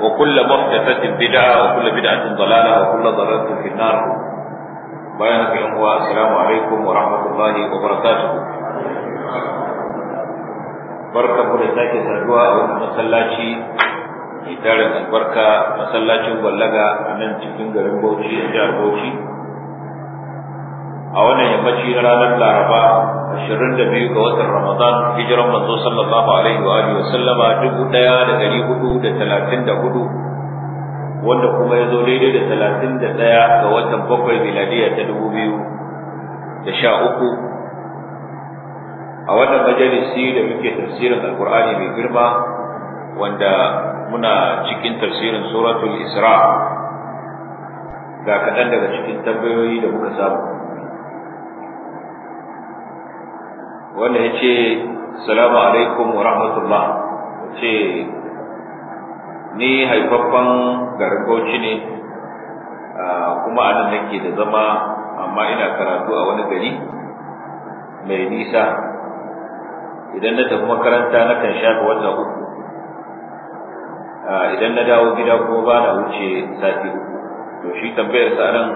وكل محدثة بدعة وكل بدعة ضلالة وكل ضلالة في النار بيانك يا السلام عليكم ورحمة الله وبركاته بركة مرتاك سردوا ومسلاتي tarin albarka masallacin gwallaga a nan cikin garin bauchi a jihar bauchi a wannan yammaci na ranar laraba 22 ga watan ramadan hijiran manzo sallallahu alaihi wa alihi wasallama 1434 wanda kuma ya zo daidai da 31 ga watan bakwai miladiya ta 2013 a wannan majalisi da muke tafsirin alkur'ani mai girma wanda muna cikin tafsirin suratul isra ga kaɗan daga cikin tambayoyi da muka samu wanda ya ce salamu alaikum wa rahmatullah ce ni haifaffen garin ne kuma a nan nake da zama amma ina karatu a wani gari mai nisa idan na tafi makaranta na kan shafi wata uku idan na dawo gida ko ba na wuce sati uku to shi tambayar sa nan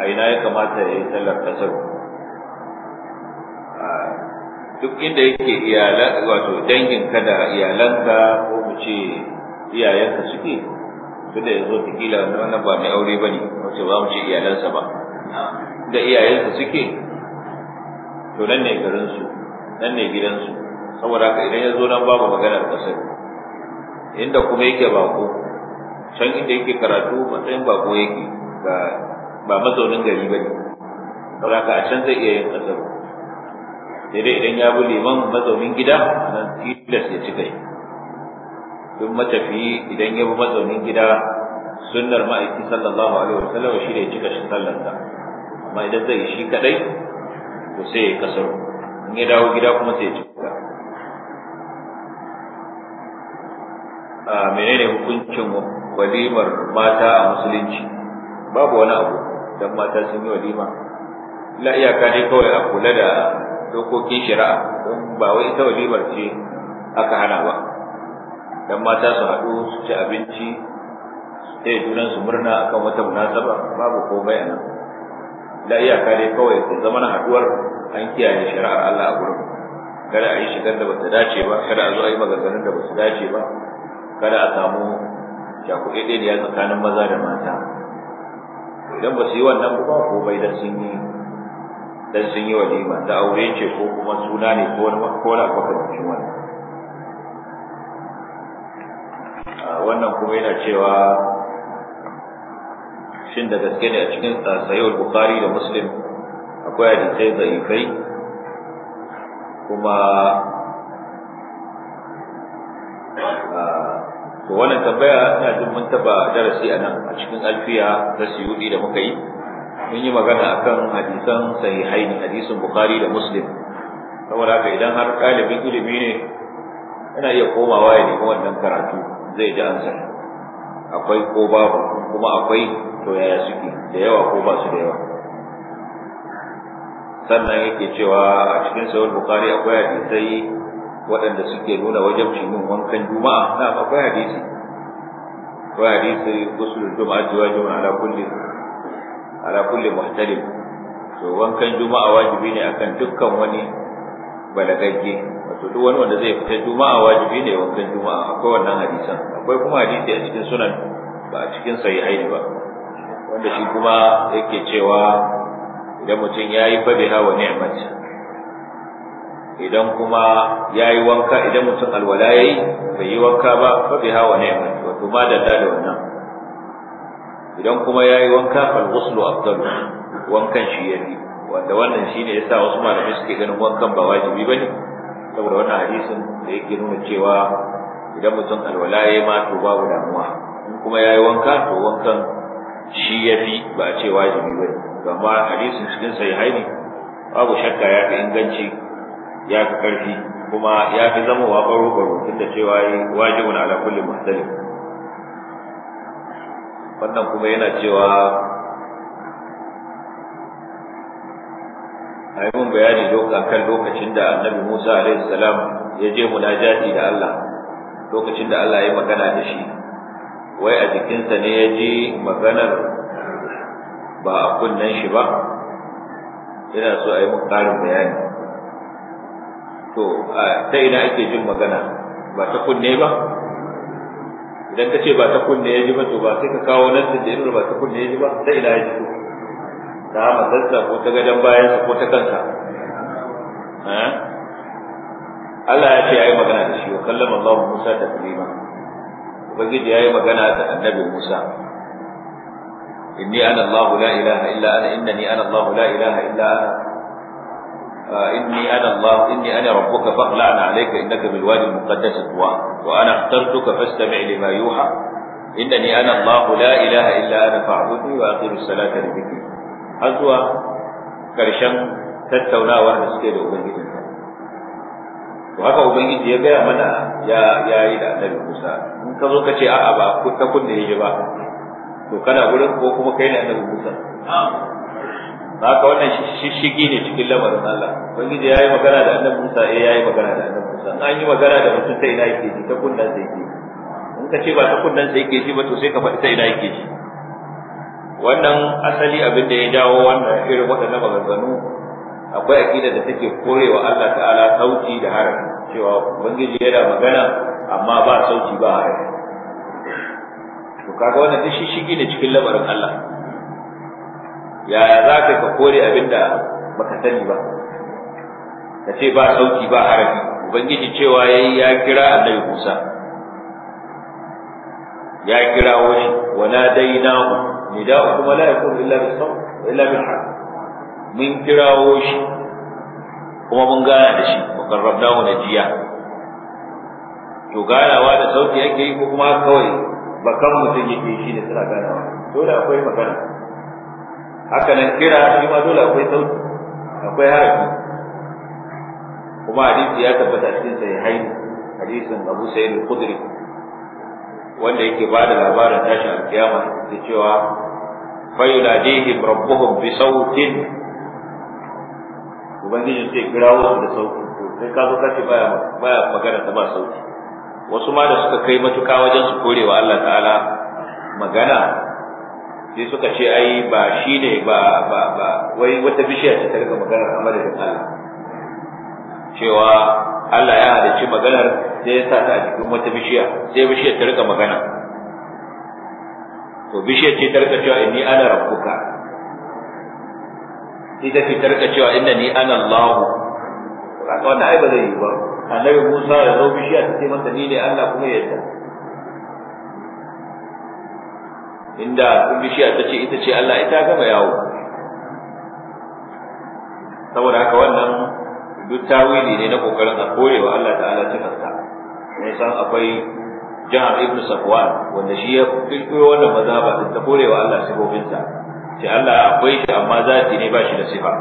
a ina ya kamata ya yi sallar kasar duk inda yake iyalan wato dangin ka da iyalanka ko mu ce iyayenka suke tunda yanzu kila wannan ba mai aure bane wato ba mu ce iyalansa ba da iyayensa suke to nan ne garin su nan ne gidansu saboda haka idan ya zo nan babu maganar kasar inda kuma yake bako can inda yake karatu matsayin bako yake ba mazaunin gari bane saboda haka a can zai iya yin kasar sai dai idan ya bi liman mazaunin gida nan tilas ya ci gai duk matafi idan ya bi mazaunin gida sunnar ma'aiki sallallahu alaihi wa sallam shi ne cika shi sallarsa amma idan zai shi kadai to sai ya kasaro in ya dawo gida kuma sai ya ci gida a menene hukuncin walimar mata a musulunci babu wani abu dan mata sun yi walima la iyaka ne kawai a kula da dokokin shari'a don ba wai ita walimar ce aka hana ba dan mata su haɗu su ci abinci su taya junan su murna akan wata munasaba babu komai a nan da iyaka dai kawai ku zama na haɗuwar an kiyaye shari'ar Allah a gurin kada a yi shigar da bata dace ba kada a zo a yi maganganun da basu dace ba kada a samu shaku ɗaya tsakanin maza da mata idan ba su yi wannan ba komai da sun yi dan sun yi walima ta aure ce ko kuma suna ne ko wani makola ko kuma makamancin wani wannan kuma yana cewa shin da gaske ne a cikin sahihul bukhari da muslim akwai hadisai zaifai kuma to wannan tambaya ina jin mun taba darasi a nan a cikin alfiya da suyudi da muka yi mun yi magana akan hadisan sahihain hadisin bukhari da muslim saboda haka idan har ɗalibin ilimi ne yana iya komawa ya nemi wannan karatu zai ji ansa akwai ko babu kuma akwai to yaya suke da yawa ko ba su da yawa sannan yake cewa a cikin sahihul bukhari akwai hadisai waɗanda suke nuna wajen yin wankan juma'a na akwai hadisi akwai hadisi gusul juma'a jiwa juma'a ala kulli ala kulli muhtalim to wankan juma'a wajibi ne akan dukkan wani balagagge wato duk wani wanda zai fita juma'a wajibi ne wankan juma'a akwai wannan hadisan akwai kuma hadisi a cikin sunan ba a cikin sahihai ba wanda shi kuma yake cewa idan mutum ya yi biha wa ni'mat idan kuma ya yi wanka idan mutum alwala ya yi bai yi wanka ba biha wa ni'mat wato ma da da wannan idan kuma yayi wanka fal ghuslu afdalu wankan shi yafi wanda wannan shine yasa wasu malamai suke ganin wankan ba wajibi bane saboda wannan hadisin da yake nuna cewa idan mutum alwala yayi ma to babu damuwa in kuma yayi wanka to wankan shi yafi ba a ce wajibi bane amma hadisin cikin sahihaini babu shakka ya fi inganci ya fi ƙarfi kuma ya fi zama wa baro baro tunda cewa wajibun ala kulli muhtalif wannan kuma yana cewa a yi mun bayani kan lokacin da annabi musa alaihi salam ya je munajati da allah lokacin da allah ya magana da shi wai a jikinsa ne ya ji maganar ba a kunnen shi ba yana so a yi mun ƙarin bayani to ta ina ake jin magana ba ta kunne ba idan ka ce ba ta kunne ya ji ba to ba sai ka kawo nan da ya ba ta kunne ya ji ba sai ila ya ji ta matarsa ko ta gadon bayan sa ko ta kansa eh? Allah ya ce ya yi magana da shi wa kallama Allah Musa da kalima Ubangiji ya yi magana da annabi Musa inni ana Allah la ilaha illa ana innani ana Allah la ilaha illa ana inni ana Allah inni ana rabbuka faqla'na alayka innaka bil wadi al muqaddas wa ana اخترتك fastami' lima yuha innani ana Allah la ilaha illa ana fa'budni wa aqim as-salata li dhikri har zuwa karshen tattaunawar da suke da ubangiji to haka ya gaya mana ya yayi da annabi Musa in ka zo ka ce a'a ba ku ta kun yaji ba to kana gurin ko kuma kai ne annabi Musa haka wannan shishigi ne cikin lamarin Allah ubangiji yayi magana da annabi Musa eh yayi magana da annabi Musa an yi magana da mutum sai ina yake ji ta kunnan sai yake in ka ce ba ta kunnan sai yake ji ba to sai ka faɗi sai ina yake ji wannan asali abin da ya jawo wannan irin waɗannan maganganu akwai aƙida da take korewa Allah ta'ala sauti da harafi cewa ubangiji yana magana amma ba sauti ba harafi to kaga wannan duk shishigi ne cikin lamarin Allah yaya za ka ka kore abin da baka sani ba ka ce ba sauki ba harafi ubangiji cewa yi ya kira annabi Musa ya kira wani wa nadainahu nida'u kuma la yakunu illa bi sawt illa bi haqq mun kirawo shi kuma mun gana da shi mu na jiya. to ganawa da sauti yake yi ko kuma kawai bakan mutum yake shi ne suna ganawa dole akwai magana haka nan kira shi ma dole akwai sauti akwai harafi kuma hadisi ya tabbata cikin sai sahihaini hadisin Abu Sa'id al-Khudri wanda yake ba da labarin tashin alkiyama da cewa fayunadihim rabbuhum bi sautin ubangiji sai kirawo wasu da sauti to sai ka zo kace baya baya magana ta ba sauti wasu ma da suka kai matuka wajen su korewa Allah ta'ala magana sai suka ce ai ba shi ne ba ba ba wai wata bishiya ce ta rika maganar a madadin Allah cewa Allah ya halicci maganar sai ya sa ta a cikin wata bishiya sai bishiyar ta rika magana to bishiyar ce ta rika cewa inni ana rabbuka ita ce ta rika cewa inna ni ana Allah kaga wannan ai ba zai yi ba annabi Musa ya zo bishiya ta ce masa ni ne Allah kuma ya yarda inda in bishiya ta ce ita ce Allah ita gama yawo saboda haka wannan duk tawili ne na kokarin a korewa Allah ta'ala sifarsa ne san akwai jihar ibn safwan wanda shi ya kirkiro wannan mazhaba da ta korewa Allah sifofinsa sai Allah akwai shi amma zati ne ba shi da sifa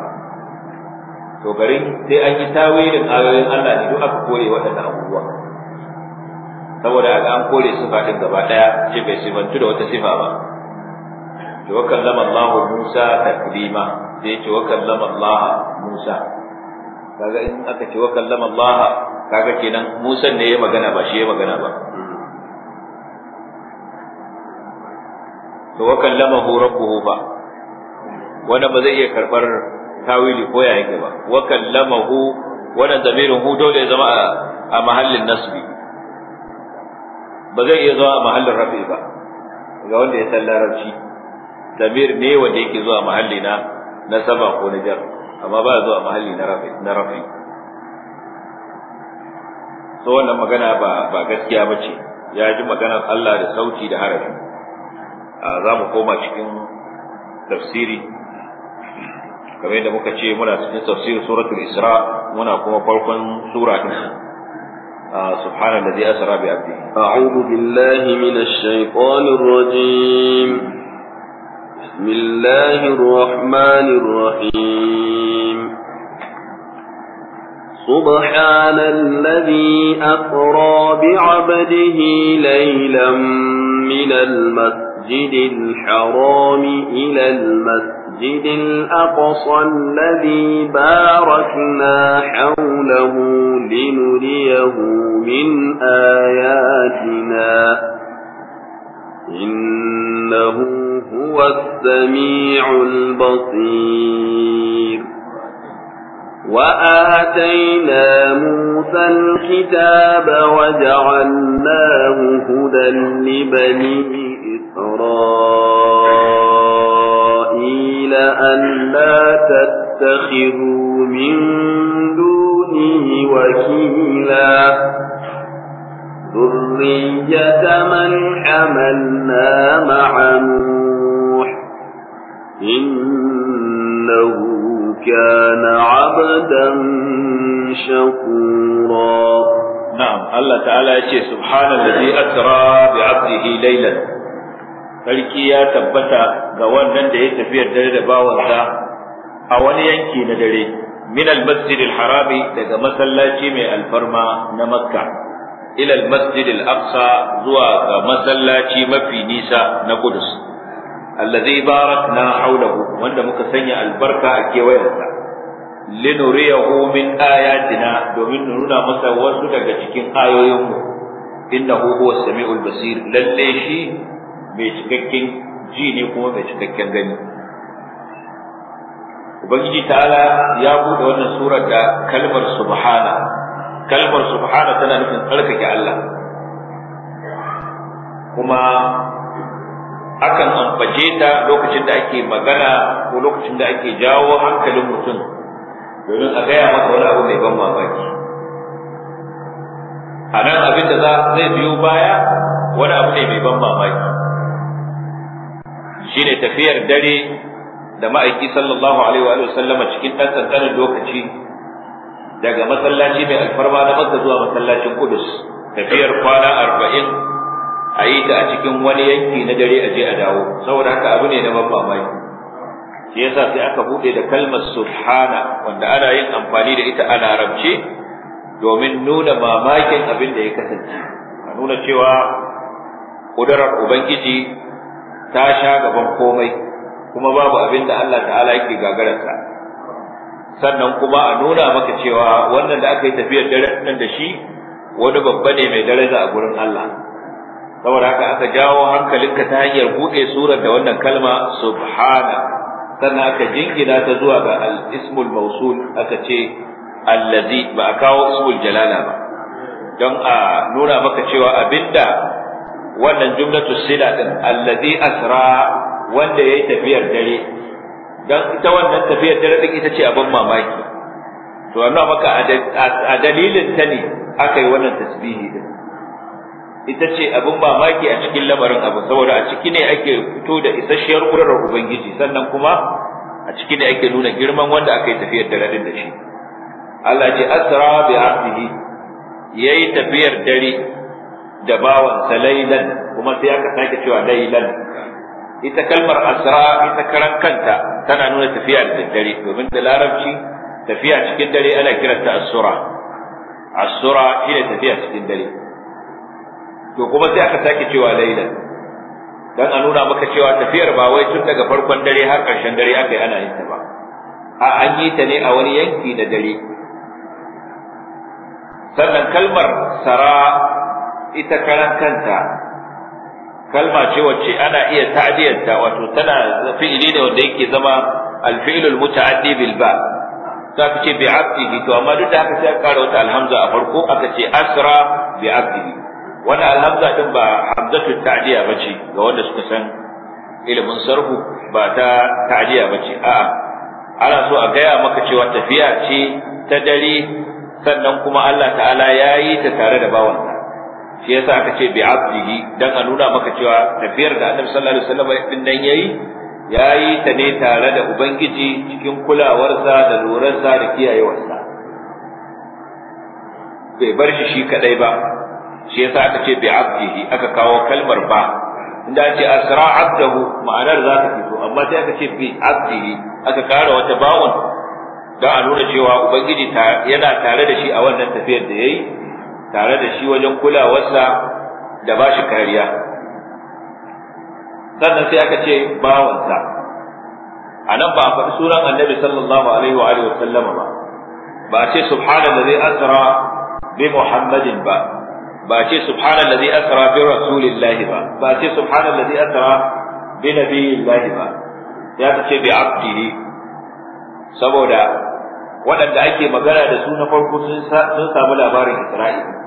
to garin sai an yi tawilin ayoyin Allah ne duk aka kore waɗannan abubuwa saboda haka an kore sifa din gaba daya ce bai sifantu da wata sifa ba to wa kallama Allahu Musa taklima sai ce wa kallama Allah Musa kaga in aka ce wa kallama Allah kaga kenan Musa ne ya magana ba shi ya magana ba to wa kallamahu rabbuhu ba wanda ba zai iya karbar tawili ko ya yake ba wa hu, wannan zamirin hu dole ya zama a mahallin nasbi ba zai iya zuwa mahallin rafi ba ga wanda ya san larabci damir ne wanda yake zuwa mahalli na na saba ko na jar amma ba zuwa mahalli na rafi na rafi so wannan magana ba ba gaskiya bace ya ji magana Allah da sauti da harafi za mu koma cikin tafsiri kamar yadda muka ce muna cikin tafsirin suratul isra muna kuma farkon sura آه سبحان الذي أسرى بعبده أعوذ بالله من الشيطان الرجيم بسم الله الرحمن الرحيم سبحان الذي أسرى بعبده ليلا من المسجد الحرام إلى المسجد الْمَسْجِدِ الْأَقْصَى الَّذِي بَارَكْنَا حَوْلَهُ لِنُرِيَهُ مِنْ آيَاتِنَا إِنَّهُ هُوَ السَّمِيعُ الْبَصِيرُ وَآتَيْنَا مُوسَى الْكِتَابَ وَجَعَلْنَاهُ هُدًى لِبَنِي إِسْرَائِيلَ أن لا تتخذوا من دونه وكيلا ذرية من حملنا مع نوح إنه كان عبدا شكورا نعم الله تعالى يقول سبحان الذي أسرى بعبده ليلا sarki ya tabbata ga wannan da ya tafiyar dare da bawansa a wani yanki na dare min al-masjid al-harami daga masallaci mai alfarma na makka ila al-masjid al-aqsa zuwa ga masallaci mafi nisa na qudus alladhi barakna hawlahu wanda muka sanya albarka a kewayensa linuriyahu min ayatina domin nuna masa wasu daga cikin ayoyinmu innahu huwa samiul basir lalle shi mai cikakken ji ne kuma mai cikakken gani ubangiji ta'ala ya buɗe wannan surar da kalmar subhana kalmar subhana tana nufin tsarkake Allah kuma akan ambace ta lokacin da ake magana ko lokacin da ake jawo hankalin mutum domin a gaya maka wani abu mai ban mamaki a nan abin da zai biyo baya wani abu ne mai ban mamaki shine tafiyar dare da ma'aiki sallallahu alaihi wa sallama cikin dan ƙanƙanin lokaci daga masallaci mai alfarma na Makka zuwa masallacin Kudus tafiyar kwana arba'in a yi ta a cikin wani yanki na dare a je a dawo saboda haka abu ne na ban mamaki shi yasa sai aka bude da kalmar subhana wanda ana yin amfani da ita a larabci domin nuna mamakin abin da ya kasance a nuna cewa kudarar ubangiji ta sha gaban komai kuma babu abin da Allah ta'ala yake gagararsa sannan kuma a nuna maka cewa wannan da aka yi tafiyar daren nan da shi wani babba ne mai daraja a gurin Allah saboda haka aka jawo hankalinka ta hanyar buɗe surar da wannan kalma subhana sannan aka jingina ta zuwa ga al-ismul mawsul aka ce allazi ba a kawo ismul jalala ba don a nuna maka cewa abinda wannan jumlatu sila din allazi asra wanda yayi tafiyar dare dan ita wannan tafiyar dare din ita ce abin mamaki to annabi maka a dalilin ta ne aka yi wannan tasbihi din ita ce abin mamaki a cikin lamarin abu saboda a ciki ne ake fito da isasshiyar kurar ubangiji sannan kuma a ciki ne ake nuna girman wanda aka yi tafiyar dare din da shi Allah ji asra bi abdihi yayi tafiyar dare da bawansa lailan kuma sai aka sake cewa lailan ita kalmar asra ita karan kanta tana nuna tafiya da daddare domin da larabci tafiya cikin dare ana kiranta asura asura ita tafiya cikin dare to kuma sai aka sake cewa lailan dan a nuna maka cewa tafiyar ba wai tun daga farkon dare har ƙarshen dare aka yi ana yin ta ba a an yi ta ne a wani yanki da dare sannan kalmar sara ita karan kanta kalma ce wacce ana iya ta'diyarta wato tana fi'ili ne wanda yake zama al-fi'lul muta'addi bil ba za ka ce bi abdihi to amma duk da haka sai aka kara wata alhamza a farko aka ce asra bi abdihi wannan alhamza din ba hamzatul ta'diya bace ga wanda suka san ilimin sarhu ba ta ta'diya bace a'a ana so a gaya maka cewa tafiya ce ta dare sannan kuma Allah ta'ala ya yi ta tare da bawansa shi yasa aka ce bi abdihi dan a nuna maka cewa tafiyar da annabi sallallahu alaihi wasallam din nan yayi yayi ta ne tare da ubangiji cikin kulawarsa da sa da sa bai bar shi shi kadai ba shi yasa aka ce bi abdihi aka kawo kalmar ba inda ce asra abdahu ma'anar za ta fito amma sai aka ce bi abdihi aka kara wata bawon don a nuna cewa ubangiji yana tare da shi a wannan tafiyar da yayi tare da shi wajen kulawarsa da ba shi kariya sannan sai aka ce bawansa a nan ba a faɗi sunan annabi sallallahu alaihi wa alihi sallama ba ba a ce subhanallazi asra bi muhammadin ba ba a ce subhanallazi asra bi rasulillahi ba ba a ce subhanallazi asra bi nabiyillahi ba ya ta ce bi abdihi saboda waɗanda ake magana da su na farko sun samu labarin Isra'ila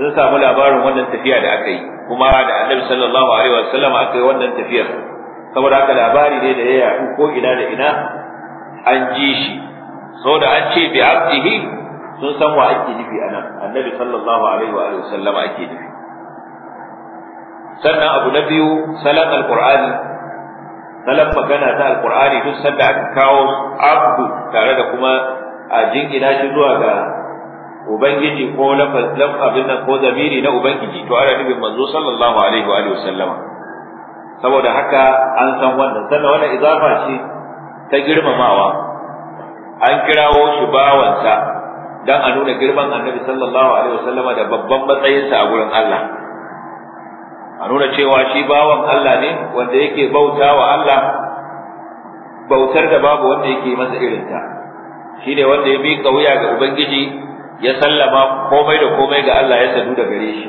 sun samu labarin wannan tafiya da aka yi kuma da annabi sallallahu alaihi wasallam aka yi wannan tafiyar saboda haka labari ne da ya yaɗu ko ina da ina an ji shi saboda an ce bi abdihi sun san wa ake nufi anan annabi sallallahu alaihi wa sallam ake nufi sannan abu na biyu salat alqur'ani salat magana ta alqur'ani duk sanda aka kawo abdu tare da kuma a jingina shi zuwa ga ubangiji ko lafaz laf abin nan ko zamiri na ubangiji to ana nufin manzo sallallahu alaihi wa alihi wasallama saboda haka an san wannan sannan wannan izafa ce ta girmamawa an kirawo shi bawansa dan a nuna girman annabi sallallahu alaihi wasallama da babban matsayinsa a gurin Allah a nuna cewa shi bawan Allah ne wanda yake bauta wa Allah bautar da babu wanda yake masa irinta shi ne wanda ya bi kauya ga ubangiji ya sallama komai da komai ga Allah ya sadu da gare shi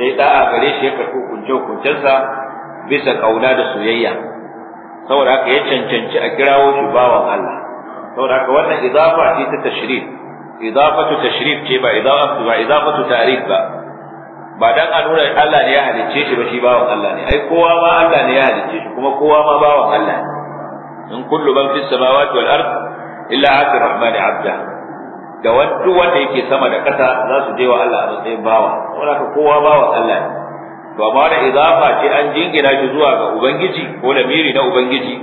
ya yi da'a gare shi ya karɓi kunce-kuncensa bisa ƙauna da soyayya saboda haka ya cancanci a kirawo shi bawan Allah saboda haka wannan idafa ce ta tashrif idafatu tashrif ce ba idafatu ba idafatu ta'rif ba ba dan a nuna Allah ne ya halicce shi ba shi bawan Allah ne ai kowa ma Allah ne ya halicce shi kuma kowa ma bawan Allah ne in kullu man fis samawati wal ard illa 'abdu rahmani 'abda da wanda wanda yake sama da ƙasa za su je wa Allah a matsayin bawa wanda ka kowa bawa Allah ne to amma da izafa ce an jingina shi zuwa ga ubangiji ko da miri na ubangiji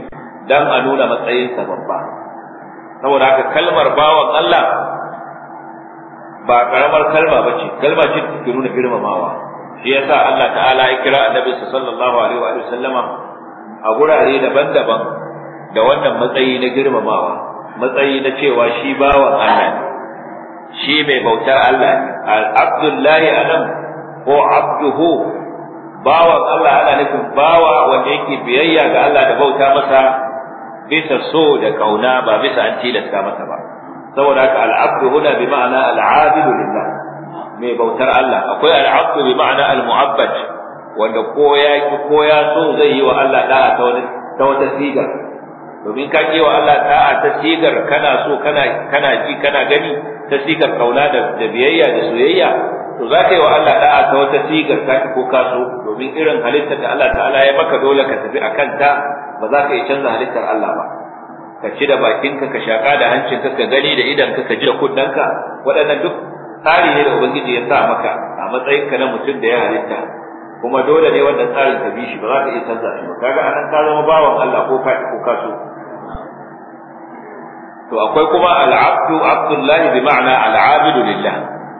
dan a nuna matsayin sa babba saboda haka kalmar bawan Allah ba karamar kalma bace kalma ce da ke nuna girmamawa shi yasa Allah ta'ala ya kira annabi sallallahu alaihi wa sallama a gurare daban-daban da wannan matsayi na girmamawa matsayi na cewa shi bawan Allah ne shi mai bautar Allah abdullahi anan ko abduhu bawa Allah ana nufin bawa wanda yake biyayya ga Allah da bauta masa bisa so da kauna ba bisa an tilasta masa ba saboda haka al'abdu huna bi ma'ana al'abidu lillah mai bautar Allah akwai al'abdu bi ma'ana al-mu'abbad wanda ko ya ki ko ya so zai yi wa Allah da'a ta wani ta wata sigar domin ka wa Allah da'a ta sigar kana so kana kana ji kana gani ta sigar kauna da biyayya da soyayya to za ka yi wa Allah da'a ta wata sigar ka ko so domin irin halittar da Allah ta'ala ya baka dole ka tafi a kanta ba za ka yi canza halittar Allah ba ka ci da bakinka ka shaka da hancinka ka gani da idanka ka ji da kunnanka waɗannan duk tsari ne da ubangiji ya sa maka a matsayinka na mutum da ya halitta kuma dole ne wannan tsarin ka bi shi ba za ka iya canza shi ba kaga anan ka zama bawan Allah ko ka ko so to akwai kuma al'abdu abdullahi bi ma'ana al'abidu lillah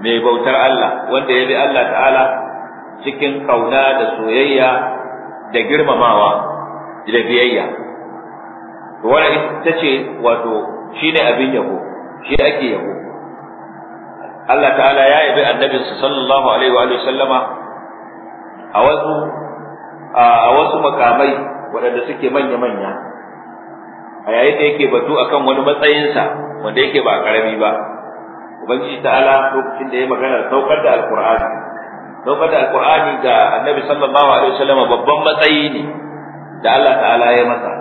mai bautar Allah wanda ya bi Allah ta'ala cikin kauna da soyayya da girmamawa da biyayya to wala ita ce wato shine abin yabo shi ake yabo Allah ta'ala ya yabi annabinsa sallallahu alaihi wa sallama a wasu a wasu makamai waɗanda suke manya-manya a yayin da yake batu akan wani matsayinsa wanda yake ba karami ba ubangiji ta'ala lokacin da ya magana saukar da alqur'ani saukar da alqur'ani ga annabi sallallahu alaihi wasallam babban matsayi ne da Allah ta'ala ya masa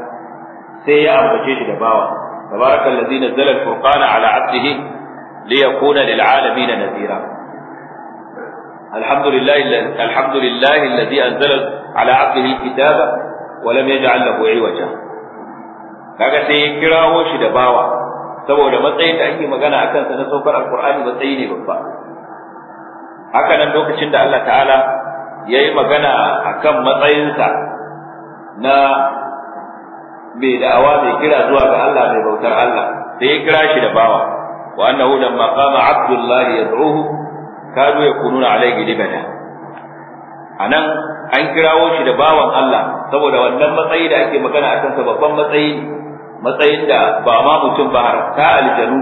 sai ya ambace shi da bawa tabarakallazi nazzala alfurqana ala 'abdihi liyakuna lil'alamin nadhira الحمد لله الحمد لله الذي انزل على عبده الكتاب ولم يجعل له عوجا kaga sai ya kirawo shi da bawa saboda matsayin da ake magana a kansa na saukar alkur'ani matsayi ne babba haka nan lokacin da Allah ta'ala ya yi magana a kan matsayinsa na mai da'awa mai kira zuwa ga Allah mai bautar Allah sai ya kira shi da bawa wa annahu lamma qama abdullahi yad'uhu kadu yakununa alayhi libada anan an kirawo shi da bawan Allah saboda wannan matsayi da ake magana a kansa babban matsayi matsayin da ba ma mutum ba harta aljanu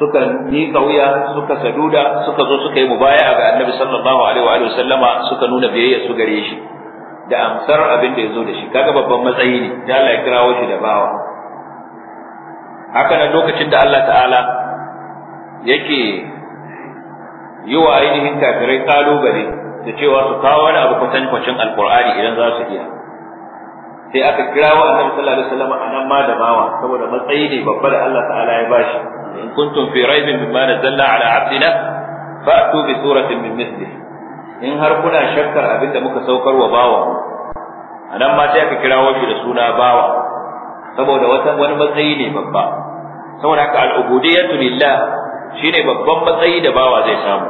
suka ni kauya, suka saduda suka zo suka yi mubaya ga annabi sallallahu alaihi wa sallama suka nuna biyayya su gare shi da amsar abin da ya zo da shi kaga babban matsayi ne da Allah ya kirawo shi da bawa haka nan lokacin da Allah ta'ala yake yi wa ainihin kafirai kalubale da cewa su kawo wani abu kwatankwacin alkur'ani idan za su iya sai aka kirawo annabi sallallahu alaihi wasallam nan ma da bawa saboda matsayi ne babba da Allah ta'ala ya bashi in kuntum fi raibin mimma nazzalna ala abdina fa'tu bi suratin min misli in har kuna shakkar abinda muka saukar wa bawa nan ma sai aka kirawo shi da suna bawa saboda wata wani matsayi ne babba saboda haka al'ubudiyatu lillah shine babban matsayi da bawa zai samu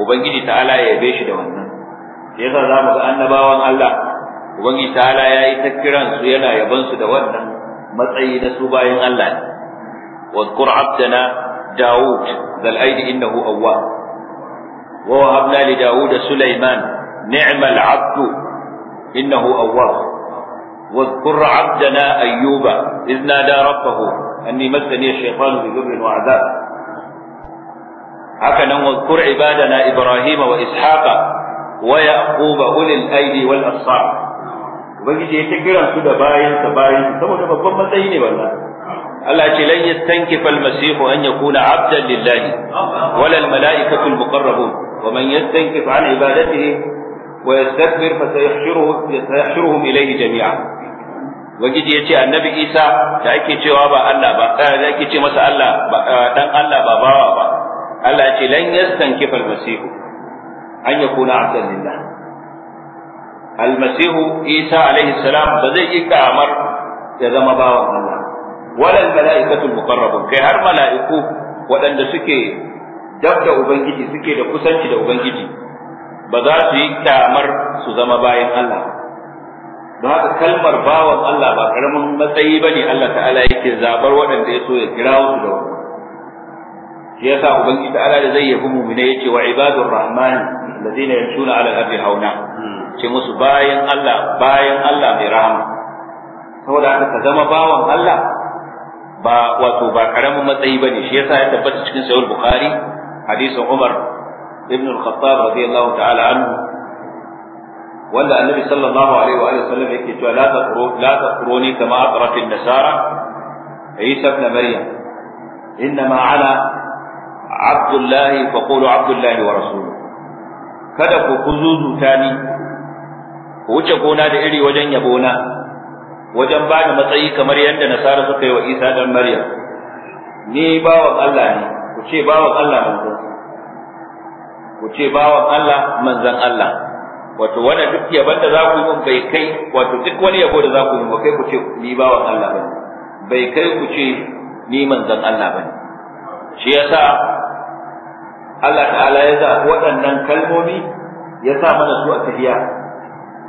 ubangiji ta'ala ya yabe shi da wannan yasa zamu ga annabawan Allah ubangi ta'ala ya yi ta kiran su yana yaban su da wannan matsayi na su bayan Allah ne wa zkur abdana daud zal aidi innahu awwa wa wahabna li daud sulaiman ni'mal abd innahu awwa wa zkur abdana ayyuba idh da rabbahu anni masani ash-shaytanu bi dhurrin wa 'adab haka nan wa zkur ibadana ibrahima wa ishaqa wa yaquba ulil aidi wal absar ubangiji ya ta kiran su da bayansa bayansa saboda babban matsayi ne wallahi Allah ce lan yastankifa al-masih an yakuna 'abdan lillahi wala al-mala'ikatu al-muqarrabun wa man yastankif 'an ibadatihi wa yastakbir fa sayahshuruhu sayahshuruhum ilayhi jami'a ubangiji ya ce annabi Isa da ake cewa ba Allah ba eh, da ake ce masa Allah eh, dan Allah ba bawa ba Allah ce lan yastankifa al-masih an yakuna 'abdan lillahi almasihu isa alaihi salam ba zai yi kamar ya zama bawan Allah walal mala'ikatul muqarrabun kai har mala'iku waɗanda suke dab da ubangiji suke da kusanci da ubangiji ba za su yi kamar su zama bayan Allah don haka kalmar bawan Allah ba karamin matsayi bane Allah ta'ala yake zabar waɗanda ya so ya kira su da wannan shi yasa ubangiji ta'ala da zai yi yabi mu'mina yace wa ibadur rahman الذين يمشون على الأرض هونا ce musu bayan Allah bayan Allah mai rahama saboda haka ka zama bawan Allah ba wato ba karamin matsayi bane shi yasa ya tabbata cikin sahih bukhari hadisin Umar ibn al-Khattab radiyallahu ta'ala anhu wanda annabi sallallahu alaihi wa alihi wasallam yake cewa la taqru la taqruni kama aqrat an-nasara Isa ibn Maryam innama ana عبد الله فقولوا عبد الله ورسوله kada ku kuzuzuta ni ku wuce gona da iri wajen yabona wajen ba da matsayi kamar yadda nasara suka yi wa isa dan maryam ni bawan Allah ne ku ce bawan Allah manzon ku ce bawan Allah manzon Allah wato wannan duk yabon da za ku yi bai kai wato duk wani yabo da za ku yi kai ku ce ni bawan Allah bane bai kai ku ce ni manzon Allah bane shi yasa Allah ta'ala ya zaɓi waɗannan kalmomi ya sa mana su a tahiya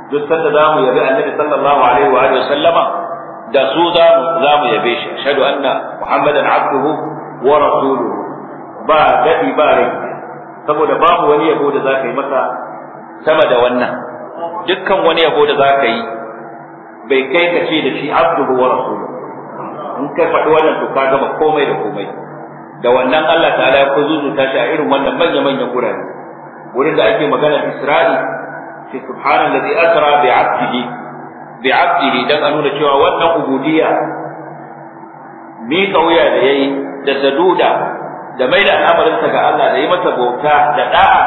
duk sanda za mu yabi annabi sallallahu alaihi wa alihi sallama da su za mu za mu yabe shi ashhadu anna muhammadan abduhu wa rasuluhu ba dadi ba rai saboda babu wani yabo da za ka yi masa sama da wannan dukkan wani yabo da za ka yi bai kai ka ce da shi abduhu wa rasuluhu in kai faɗi wannan to ka gama komai da komai da wannan Allah ta'ala ya kuzuzu ta shi a irin wannan manya-manyan gurare wurin da ake magana Isra'i fi subhanallazi asra bi 'abdihi bi 'abdihi dan a nuna cewa wannan ubudiyya mi kauya da yayi da saduda da mai da ga Allah da yi masa bauta da da'a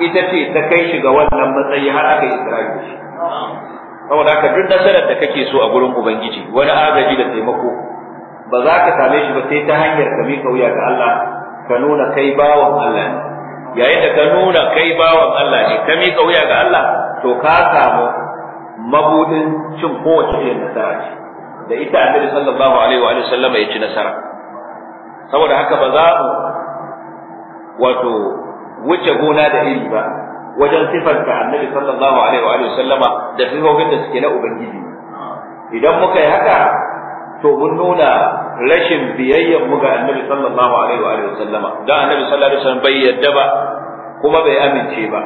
ita ce ta kai shi ga wannan matsayi har aka yi Isra'i saboda haka duk nasarar da kake so a gurin ubangiji wani agaji da taimako ba za ka same shi ba sai ta hanyar ka mika wuya ga Allah ka nuna kai bawan Allah ne yayin da ka nuna kai bawan Allah ne ka mika wuya ga Allah to ka samu mabudin cin kowace irin nasara ce da ita annabi sallallahu alaihi wa sallam ya ci nasara saboda haka ba za mu wato wuce gona da iri ba wajen sifanta annabi sallallahu alaihi wa sallama da sifofin da suke na ubangiji idan muka yi haka to mun nuna rashin biyayyar mu ga annabi sallallahu alaihi wa alihi wasallama dan annabi sallallahu alaihi wasallam bai yadda ba kuma bai amince ba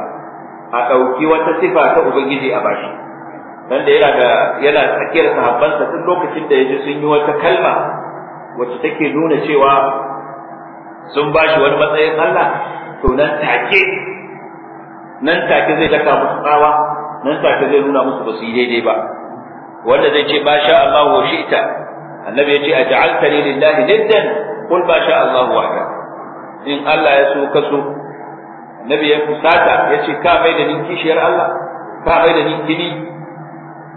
a ɗauki wata sifa ta ubangiji a bashi dan da yana da yana tsakiyar sahabbansa tun lokacin da yaji sun yi wata kalma wacce take nuna cewa sun bashi wani matsayin Allah to nan take nan take zai daka musu tsawa nan take zai nuna musu ba su yi daidai ba wanda zai ce ba sha Allah wa shi'ta annabi ya ce ja'altani lillahi niddan kul ba sha Allah wahda in Allah ya so ka so annabi ya fusata ya ce ka mai da ni kishiyar Allah ka mai da ni kini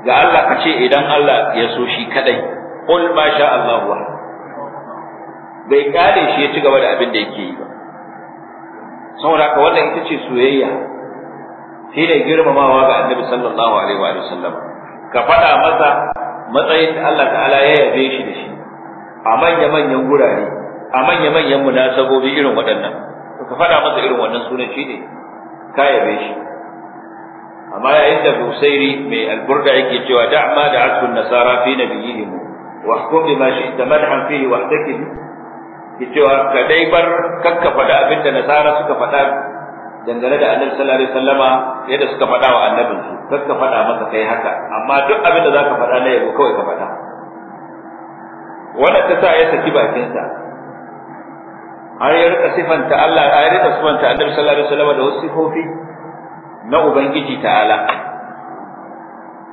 ga Allah ka ce idan Allah ya so shi kadai kul ba sha Allah wahda bai kare shi ya ci gaba da abin da yake yi ba saboda ka wannan ita ce soyayya shi ne girmamawa ga annabi sallallahu alaihi wa sallam ka faɗa masa matsayin da Allah ta'ala ya yabe shi da shi a manya-manyan gurare a manya-manyan munasabobi irin waɗannan to ka faɗa masa irin wannan sunan shi ne ka yabe shi amma yayin da Busairi mai alburda yake cewa da amma da asu nasara fi nabiyihim wa hukum bima shi'ta madhan fihi wa ihtakim ki cewa ka dai bar kakka faɗa abinda nasara suka faɗa dangane da annabi sallallahu alaihi wasallama yadda suka faɗa wa annabin su kar ka faɗa masa kai haka amma duk abin da zaka faɗa na yabo kawai ka faɗa wannan ta sa ya saki bakinsa har ya rika sifanta Allah ya rika sifanta annabi sallallahu alaihi wasallama da wasu sifofi na ubangiji ta'ala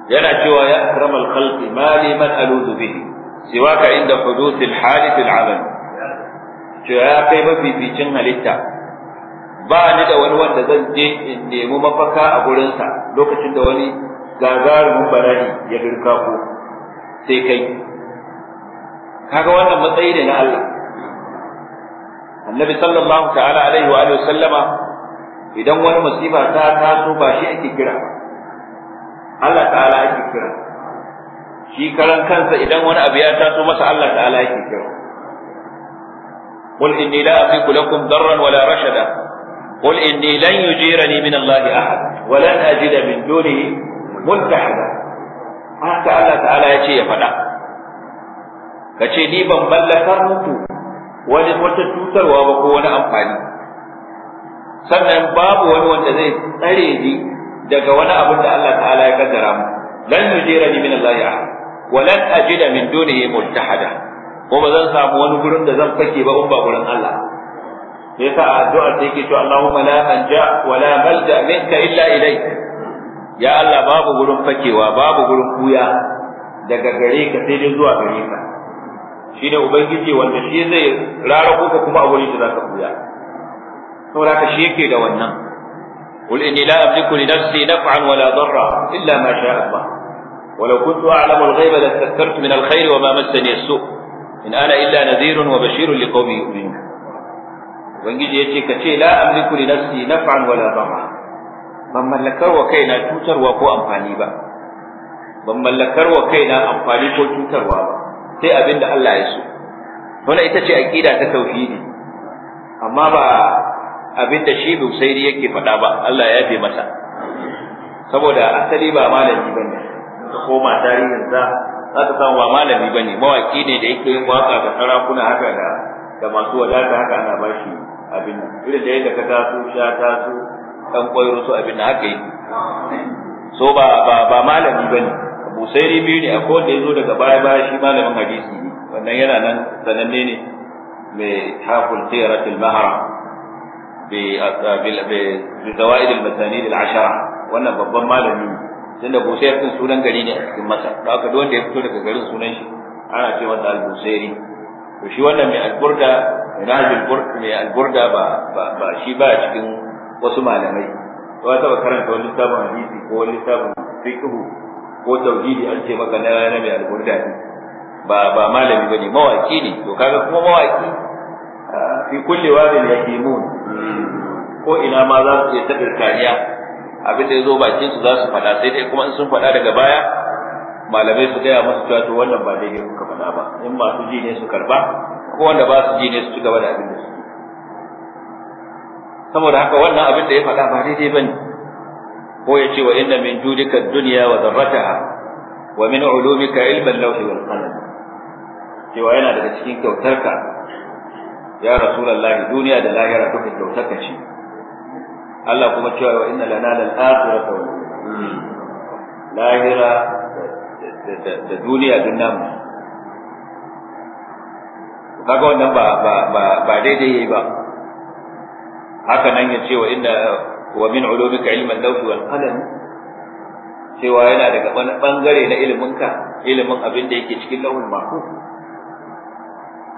yana cewa ya akramal khalqi mali man aludu bihi siwaka inda hudusil halith al-amal ya kai mafificin halitta ba ni da wani wanda zan je in nemi mafaka a gurinsa lokacin da wani gagarumin barari ya girka ko sai kai kaga wannan matsayi ne na Allah annabi sallallahu ta'ala alaihi wa sallama idan wani musiba ta taso ba shi ake kira Allah ta'ala ake kira shi karan kansa idan wani abu ya taso masa Allah ta'ala yake kira قل إني لا أملك لكم ضرا ولا رشدا qul inni lan yujirani min Allah ahad wa lan ajida min dunihi multahada haka Allah ta'ala ya ce ya faɗa ka ce ni ban mallakar muku wani wata cutarwa ba ko wani amfani sannan babu wani wanda zai tsare ni daga wani abin da Allah ta'ala ya kaddara mu lan yujirani min Allah ahad wa lan ajida min dunihi multahada ko ba zan samu wani gurin da zan fake ba in ba gurin Allah yasa addu'ar da yake cewa Allahumma la manja wa la malja minka illa ilayk ya Allah babu gurin fakewa babu gurin kuya daga gare ka sai dai zuwa gare ka shine ubangiji wanda shi zai rara ka kuma a wurin da zaka kuya saboda ka shi yake da wannan قل إني لا أملك لنفسي نفعا ولا ضرا إلا ما شاء الله ولو كنت أعلم الغيب لاستكثرت من الخير وما مسني السوء إن أنا إلا نذير وبشير لقوم يؤمنون ubangiji ya ce ka ce la amliku li nafsi naf'an wala dharra ban mallakar wa kaina tutarwa ko amfani ba ban mallakar wa kaina amfani ko tutarwa ba sai abinda Allah ya so wannan ita ce aqida ta tauhidi amma ba abinda shi Busairi yake faɗa ba Allah ya yafe masa saboda asali ba malami bane ko ma tarihin za za ta samu ba malami bane mawaki ne da yake yin waka da sarakuna haka da da masu wadata haka ana bashi abin nan irin da yadda ka taso sha taso kan koyar su abin da haka yake so ba ba ba malami bane busairi biyu ne akwai wanda ya zo daga baya baya shi malamin hadisi ne wannan yana nan sananne ne mai bi zawaid al masanid al ashara wannan babban malami tunda busair din sunan gari ne a cikin masa. da aka duk wanda ya fito daga garin sunan shi ana ce masa al-busairi to shi wannan mai alburda rajin mai alburda ba ba shi ba cikin wasu malamai ba ta karanta wani littafin hadisi ko wani littafin fiqhu ko tauhidi an ce maka na na mai alburda ne ba ba malami bane mawaki ne to kaga kuma mawaki fi kulli wadin yahimun ko ina ma za su iya tabir kariya abin da ya zo bakin su za su faɗa sai dai kuma in sun faɗa daga baya malamai su gaya musu cewa to wannan ba daidai kuka faɗa ba in masu ji ne su karba ko wanda ba su ji ne su ci gaba da abin da su saboda haka wannan abin da ya faɗa ba daidai bane ko ya ce wa inna min judika dunya wa dharrataha wa min ulumika ilma al-lawh wal qalam cewa yana daga cikin kyautarka ya rasulullahi duniya da lahira duka kyautarka ce Allah kuma cewa wa inna lana al-akhirata wal lahira da duniya dun namu kaga wannan ba ba ba ba daidai yayi ba haka nan yace wa inna wa min ulumika al lawhi wal qalam cewa yana daga bangare na ka ilimin abin da yake cikin lawhul mahfuz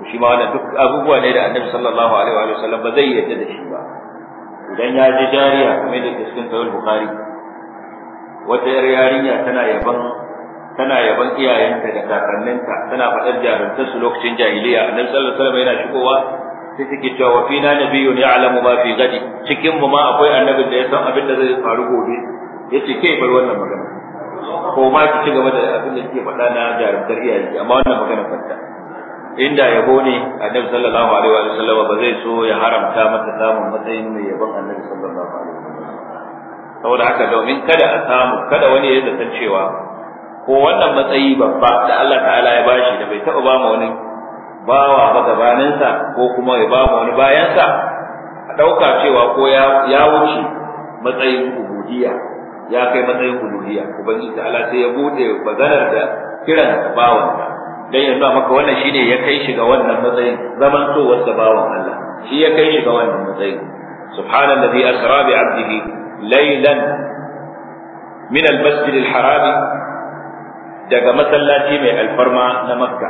shi ma wannan duk abubuwa ne da annabi sallallahu alaihi wa sallam ba zai yadda da shi ba idan ya ji jariya kamar da cikin sahih bukhari wata yarinya tana yaban tana yaban iyayenta da kakanninta tana faɗar jarumtar su lokacin jahiliya annabi sallallahu alaihi wasallam yana shigowa sai take cewa wa fina nabiyyun ya'lamu ma fi gadi cikin mu ma akwai annabin da ya san abin da zai faru gobe yace kai bar wannan magana ko ma ki ci gaba da abin da kike faɗa na jarumtar iyayenki amma wannan magana fatta. inda yabo ne annabi sallallahu alaihi wa ba zai so ya haramta mata samun matsayin mai yabon annabi sallallahu alaihi wasallam saboda haka domin kada a samu kada wani ya zata cewa ko wannan matsayi babba da Allah ta'ala ya bashi da bai taɓa ba mu wani bawa ba gabaninsa ko kuma ya ba mu wani bayansa a ɗauka cewa ko ya wuce matsayin ubudiyya ya kai matsayin ubudiyya ubangiji Ala sai ya bude maganar da kiran bawansa dan yanzu maka wannan shine ya kai shi ga wannan matsayin zaman to wasa bawan Allah shi ya kai shi ga wannan matsayin subhanallazi asra bi 'abdihi laylan min al-masjid al-haram daga masallaci mai alfarma na makka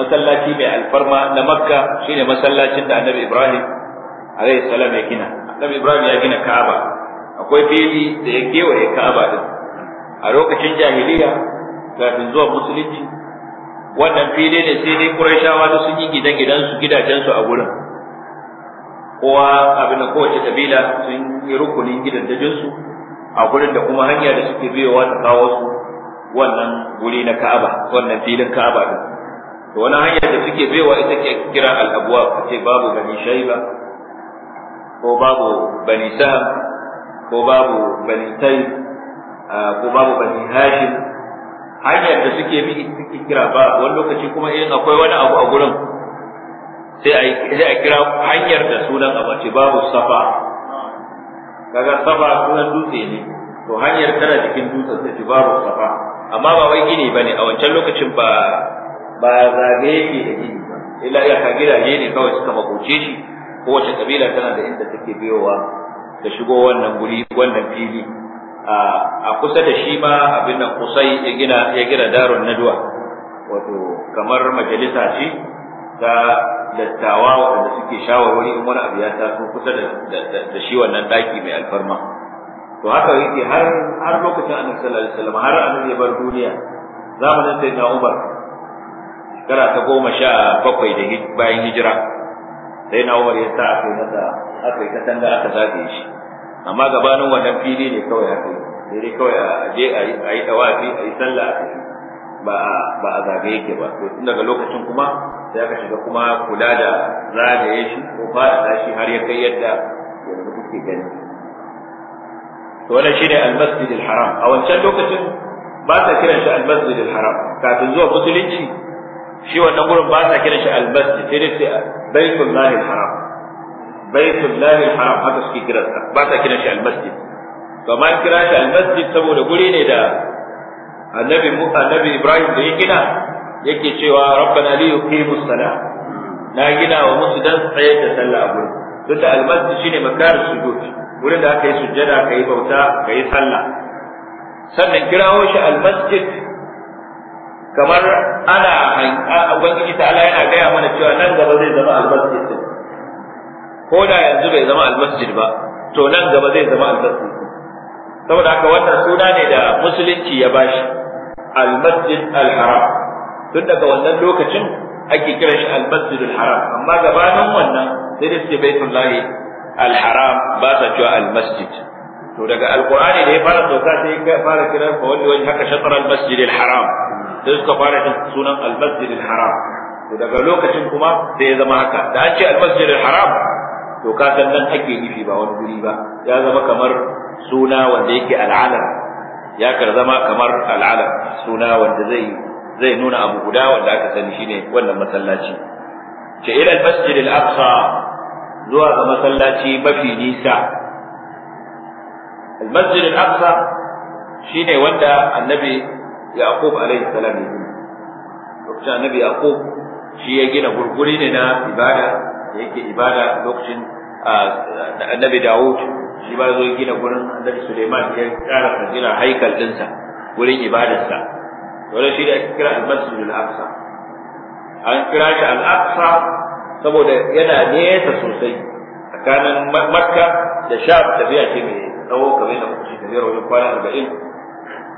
masallaci mai alfarma na makka shine masallacin da annabi ibrahim alaihi salam ya gina annabi ibrahim ya gina ka'aba akwai fili da ya kewaye ka'aba din a lokacin jahiliya kafin zuwa musulunci wannan fili ne sai dai qurayshawa da sun yi gidan gidansu su a gurin kowa abin da kowace kabila sun yi rukunin gidan dajinsu a gurin da kuma hanya da suke biyowa ta kawo su wannan guri na Ka'aba wannan filin Ka'aba din to wani hanya da suke baiwa ita ke kira al'abuwa abwa ce babu bani Shaiba, ko babu bani sahab ko babu bani tay ko babu bani hashim hanyar da suke bi suke kira ba wani lokaci kuma in akwai wani abu a gurin sai a kira hanyar da sunan abu ce babu safa kaga safa sunan dutse ne to hanyar tana cikin dutsen ta babu safa amma ba wai gini ba ne, a wancan lokacin ba ba zabe yake da gini ba illa iyaka gidaje ne kawai suka makoce shi kowace kabila tana da inda take biyowa da shigo wannan guri wannan fili a kusa da shi ma abin nan kusai ya gina ya gina darun nadwa wato kamar majalisa ce ta dattawa waɗanda suke shawarwari in wani abu ya taso kusa da shi wannan ɗaki mai alfarma to haka yake har har lokacin annabi sallallahu alaihi wasallam har annabi ya bar duniya zamanin sai na Umar shekara ta goma sha bakwai da bayan hijira sai na Umar ya sa aka yi masa aka yi tanga aka zage shi amma gabanin wannan fili ne kawai aka yi dai kawai a je a yi tawafi a yi sallah a kai ba ba a zage yake ba to tun daga lokacin kuma sai aka shiga kuma kula da zage shi ko da shi har ya kai yadda yanzu kuke gani to wannan shine al-masjid al-haram a wancan lokacin ba ta kiran shi al-masjid al-haram kafin zuwa musulunci shi wannan gurin ba ta kiran shi al-masjid sai dai baitul lahi al-haram baitul lahi al-haram haka suke kiransa ba ta kiran shi al-masjid to ma kira shi al-masjid saboda guri ne da annabi annabi Ibrahim da ya gina yake cewa rabbana li yuqimus salah na gina wa musu dan tsaye da sallah gurin tunda al-masjid shine makar sujud wurin da aka yi sujjada ka yi bauta ka yi sallah sannan kirawo shi almasjid kamar ana ubangiji ta ala yana gaya mana cewa nan gaba zai zama almasjid ko da yanzu bai zama almasjid ba to nan gaba zai zama almasjid saboda haka wannan suna ne da musulunci ya bashi almasjid alharam tun daga wannan lokacin ake kiran shi almasjid alharam amma gabanin wannan sai da suke baitullahi al-haram ba sa cewa al-masjid to daga alqur'ani da ya fara sauka sai ya fara kiran fa wani wani haka shatar al-masjid haram sai suka fara jin sunan al-masjid haram to daga lokacin kuma sai ya zama haka da an ce al-masjid haram to ka san nan ake nufi ba wani guri ba ya zama kamar suna wanda yake al'alam ya kar zama kamar al'alam suna wanda zai zai nuna abu guda wanda aka sani shine wannan masallaci ce ila al-masjid al-aqsa zuwa ga masallaci mafi nisa almasjid al-aqsa shine wanda annabi yaqub alaihi salam ya gina lokacin annabi yaqub shi ya gina gurguri ne na ibada da yake ibada lokacin annabi dawud shi ba zo gina gurin annabi suleiman ya kara gina haikal dinsa gurin ibadarsa wanda shi da kira al-masjid al-aqsa an kira shi al-aqsa saboda yana nesa sosai tsakanin makka da sham tafiya ce mai tsawo kamar yadda muka ce tafiyar wajen kwana arba'in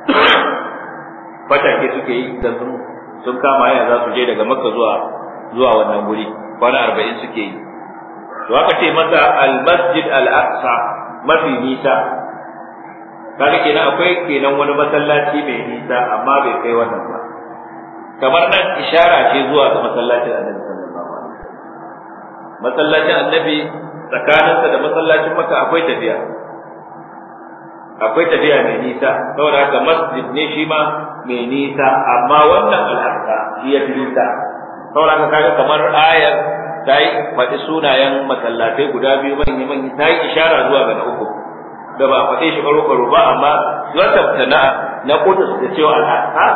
fatake suke yi idan sun sun kama hanya za su je daga makka zuwa zuwa wannan guri kwana arba'in suke yi to aka ce masa al-masjid al-aqsa mafi nisa kaga kenan akwai kenan wani masallaci mai nisa amma bai kai wannan ba kamar nan ishara ce zuwa ga masallacin annabi masallacin annabi tsakaninsa da masallacin maka akwai tafiya akwai tafiya mai nisa saboda haka masjid ne shi ma mai nisa amma wannan al'aqsa shi ya fi nisa saboda haka kaga kamar ayar ta yi faɗi sunayen masallatai guda biyu manyan manyan ta yi ishara zuwa ga na uku da ba a faɗe shi baro baro ba amma zata na na kudu da cewa al'aqsa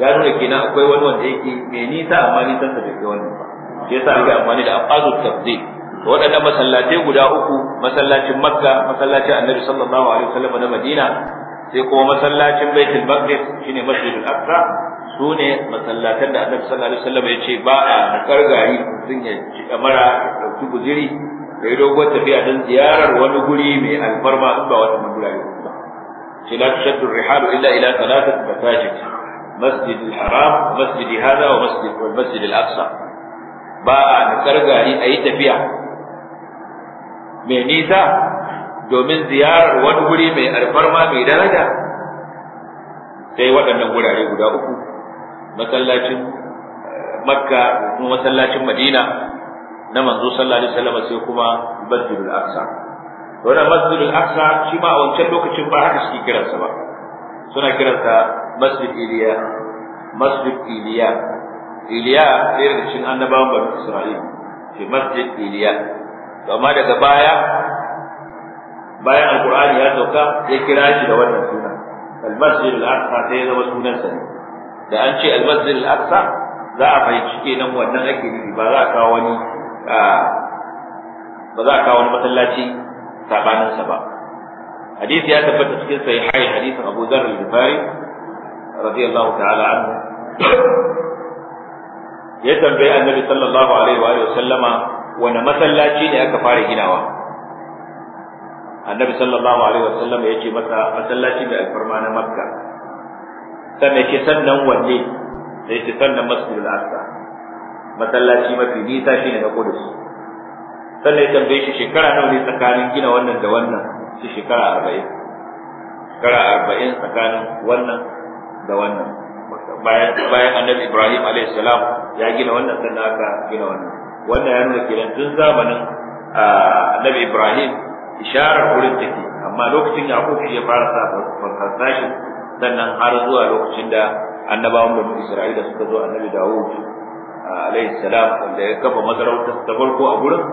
ya nuna kenan akwai wani wanda yake mai nisa amma nisan sa bai kai wannan ba shi yasa ake amfani da aqazut tafdil waɗannan masallatai guda uku masallacin makka masallacin annabi sallallahu alaihi wasallam na madina sai kuma masallacin baitul maqdis shine masjidul aqsa su ne masallatan da annabi sallallahu alaihi wasallam ya ce ba a gari sun ya ci kamara da gujiri da ido dogon tafiya don ziyarar wani guri mai alfarma ba wata magurare ba ce la tushaddu rihalu illa ila thalathat masajid masjidil haram masjidi hada wa masjid wal masjidil aqsa ba a nukar gari a yi tafiya mai nisa domin ziyarar wani wuri mai alfarma mai daraja sai waɗannan wurare guda uku masallacin eh, makka kuma masallacin madina na manzo sallallahu alaihi wasallam sai kuma masjidul aqsa Masjid masjidul aqsa shi ma a wancan lokacin ba haka suke kiransa ba suna kiransa masjid iliya masjid iliya iliya ɗaya daga cikin annabawan banu isra'ila fi masjid iliya amma daga baya bayan alqur'ani ya sauka ya kira shi da wannan suna al-masjid al-aqsa sai ya zama sunansa ne da an ce al-masjid al-aqsa za a fahimci kenan wannan ake nufi ba za a kawo wani ba za a kawo wani masallaci sabaninsa ba hadisi ya tabbata cikin sahihai hadisin Abu Dharr al-Bukhari radiyallahu ta'ala anhu ya tambayi annabi sallallahu alaihi wa sallama wani masallaci ne aka fara ginawa annabi sallallahu alaihi wa sallama ya ce masa masallaci da alfarma na makka sannan ce sannan wanne sai ce sannan al aqsa masallaci mafi nisa shine na kudus sannan ya tambaye shi shekara nawa ne tsakanin gina wannan da wannan shi shekara arba'in shekara arba'in tsakanin wannan da wannan bayan annabi ibrahim alaihi salam ya gina wannan sannan aka gina wannan wannan ya nuna nan tun zamanin annabi ibrahim isharar wurin take amma lokacin yaqub shi ya fara sa farsashin sannan har zuwa lokacin da annabawan banu isra'ila suka zo annabi dawud alayhi salam wanda ya kafa masarautar ta farko a gurin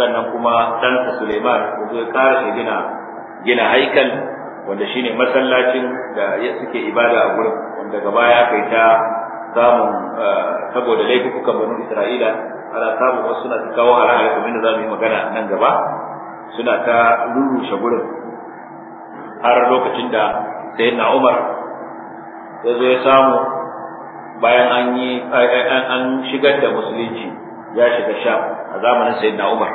sannan kuma ɗansa suleiman ya zo ya kara shi gina gina haikal wanda shine masallacin da ya suke ibada a gurin wanda gaba ya kai ta samun eh, saboda laifukan banu isra'ila ana samun wasu suna ta kawo hare alaikum inda za mu yi magana nan gaba suna ta rurrushe gurin har lokacin da sai na umar ya zo ya samu bayan an yi an shigar da musulunci ya shiga sha a zamanin sai na umar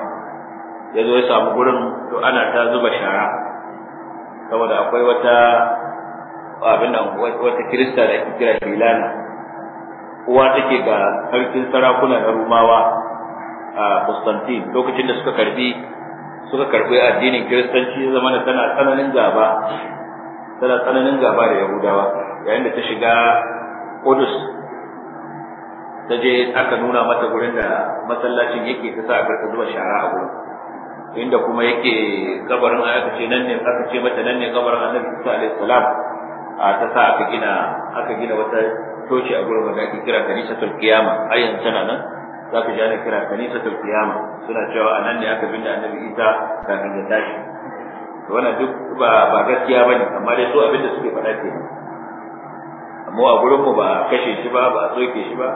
ya zo ya samu gurin to ana ta zuba shara saboda akwai wata abin da wata kirista da ake kira filana kowa take ga sarkin sarakuna na rumawa a Constantine lokacin da suka karbi suka karbi addinin kiristanci ya zama tana tsananin gaba tana tsananin gaba da yahudawa yayin da ta shiga Qudus ta je aka nuna mata gurin da masallacin yake ta sa aka zuba shara a gurin inda kuma yake kabarin aka ce nan ne aka ce mata nan ne kabarin Annabi sallallahu alaihi wasallam a ta sa aka gina aka gina wata ɗauko shi a gurin wanda ake kira kanisatul qiyama har yanzu tana nan za ka ji ana kira kanisatul qiyama suna cewa a nan ne aka binne annabi isa kafin ya tashi wannan duk ba ba gaskiya bane amma dai so abin da suke faɗa kenan amma a gurin mu ba kashe shi ba ba soke shi ba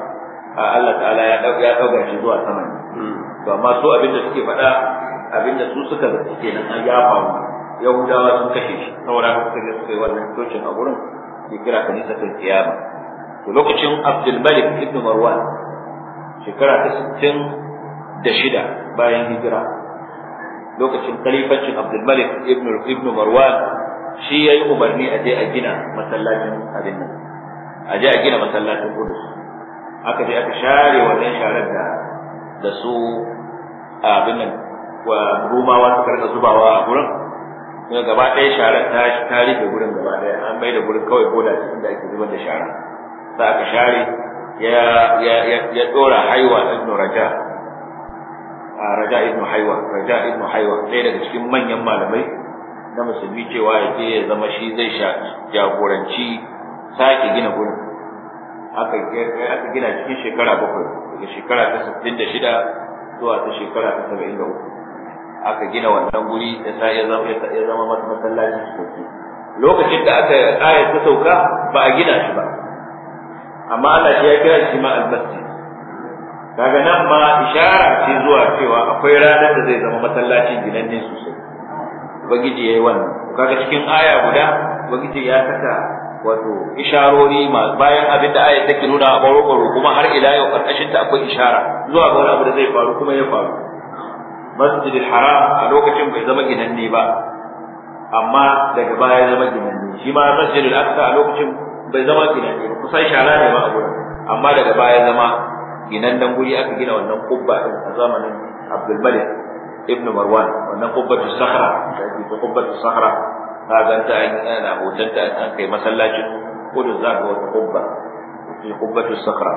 a Allah ta'ala ya dauka ya dauka shi zuwa sama ne to amma so abin da suke faɗa abin da su suka zata kenan nan ya faru yahudawa sun kashe shi saboda haka suka suka yi wannan tocin a gurin ya kira kanisa kan kiyama lokacin Abdul ibn Marwan shekara ta 66 bayan hijira lokacin khalifancin Abdul ibn ibn Marwan shi yayi umarni a je a gina masallacin abin nan a je a gina masallacin Qudus aka je aka share wannan sharar da da su abin nan wa rumawa suka rika zubawa a gurin kuma gaba ɗaya sharar ta rufe gurin gaba ɗaya an mai da gurin kawai bola cikin da ake zubar da sharar. za ka share ya ya ya dora haiwa ibn raja raja ibn haiwa raja ibn haiwa ɗaya daga cikin manyan malamai na musulmi cewa ya je ya zama shi zai sha, jagoranci sake gina gudu aka gina cikin shekara bakwai daga shekara ta sittin da shida zuwa ta shekara ta saba'in da uku aka gina wannan guri da ta ya zama masallaci sosai lokacin da aka aya ta sauka ba a gina shi ba amma Allah shi ya kira shi ma almasjid kaga nan ma ishara ce zuwa cewa akwai ranar da zai zama masallacin ginanne sosai ubangiji yayi wannan kaga cikin aya guda ubangiji ya saka wato isharori bayan abin da ayat take nuna a baro kuma har ila yau karkashin ta akwai ishara zuwa ga wani abu da zai faru kuma ya faru masjidil haram a lokacin bai zama ginanne ba amma daga baya zama ginanne shi ma masjidil aqsa a lokacin bai zama ginanne ba kusan shara ne ma a gurin amma daga baya zama ginannen guri aka gina wannan kubba din a zamanin Abdul Malik ibn Marwan wannan kubbatu sahara da ake ta kubbatu sahara ka ganta an ana hoton ta an kai masallacin kudu za ga wata kubba shi kubbatu sahara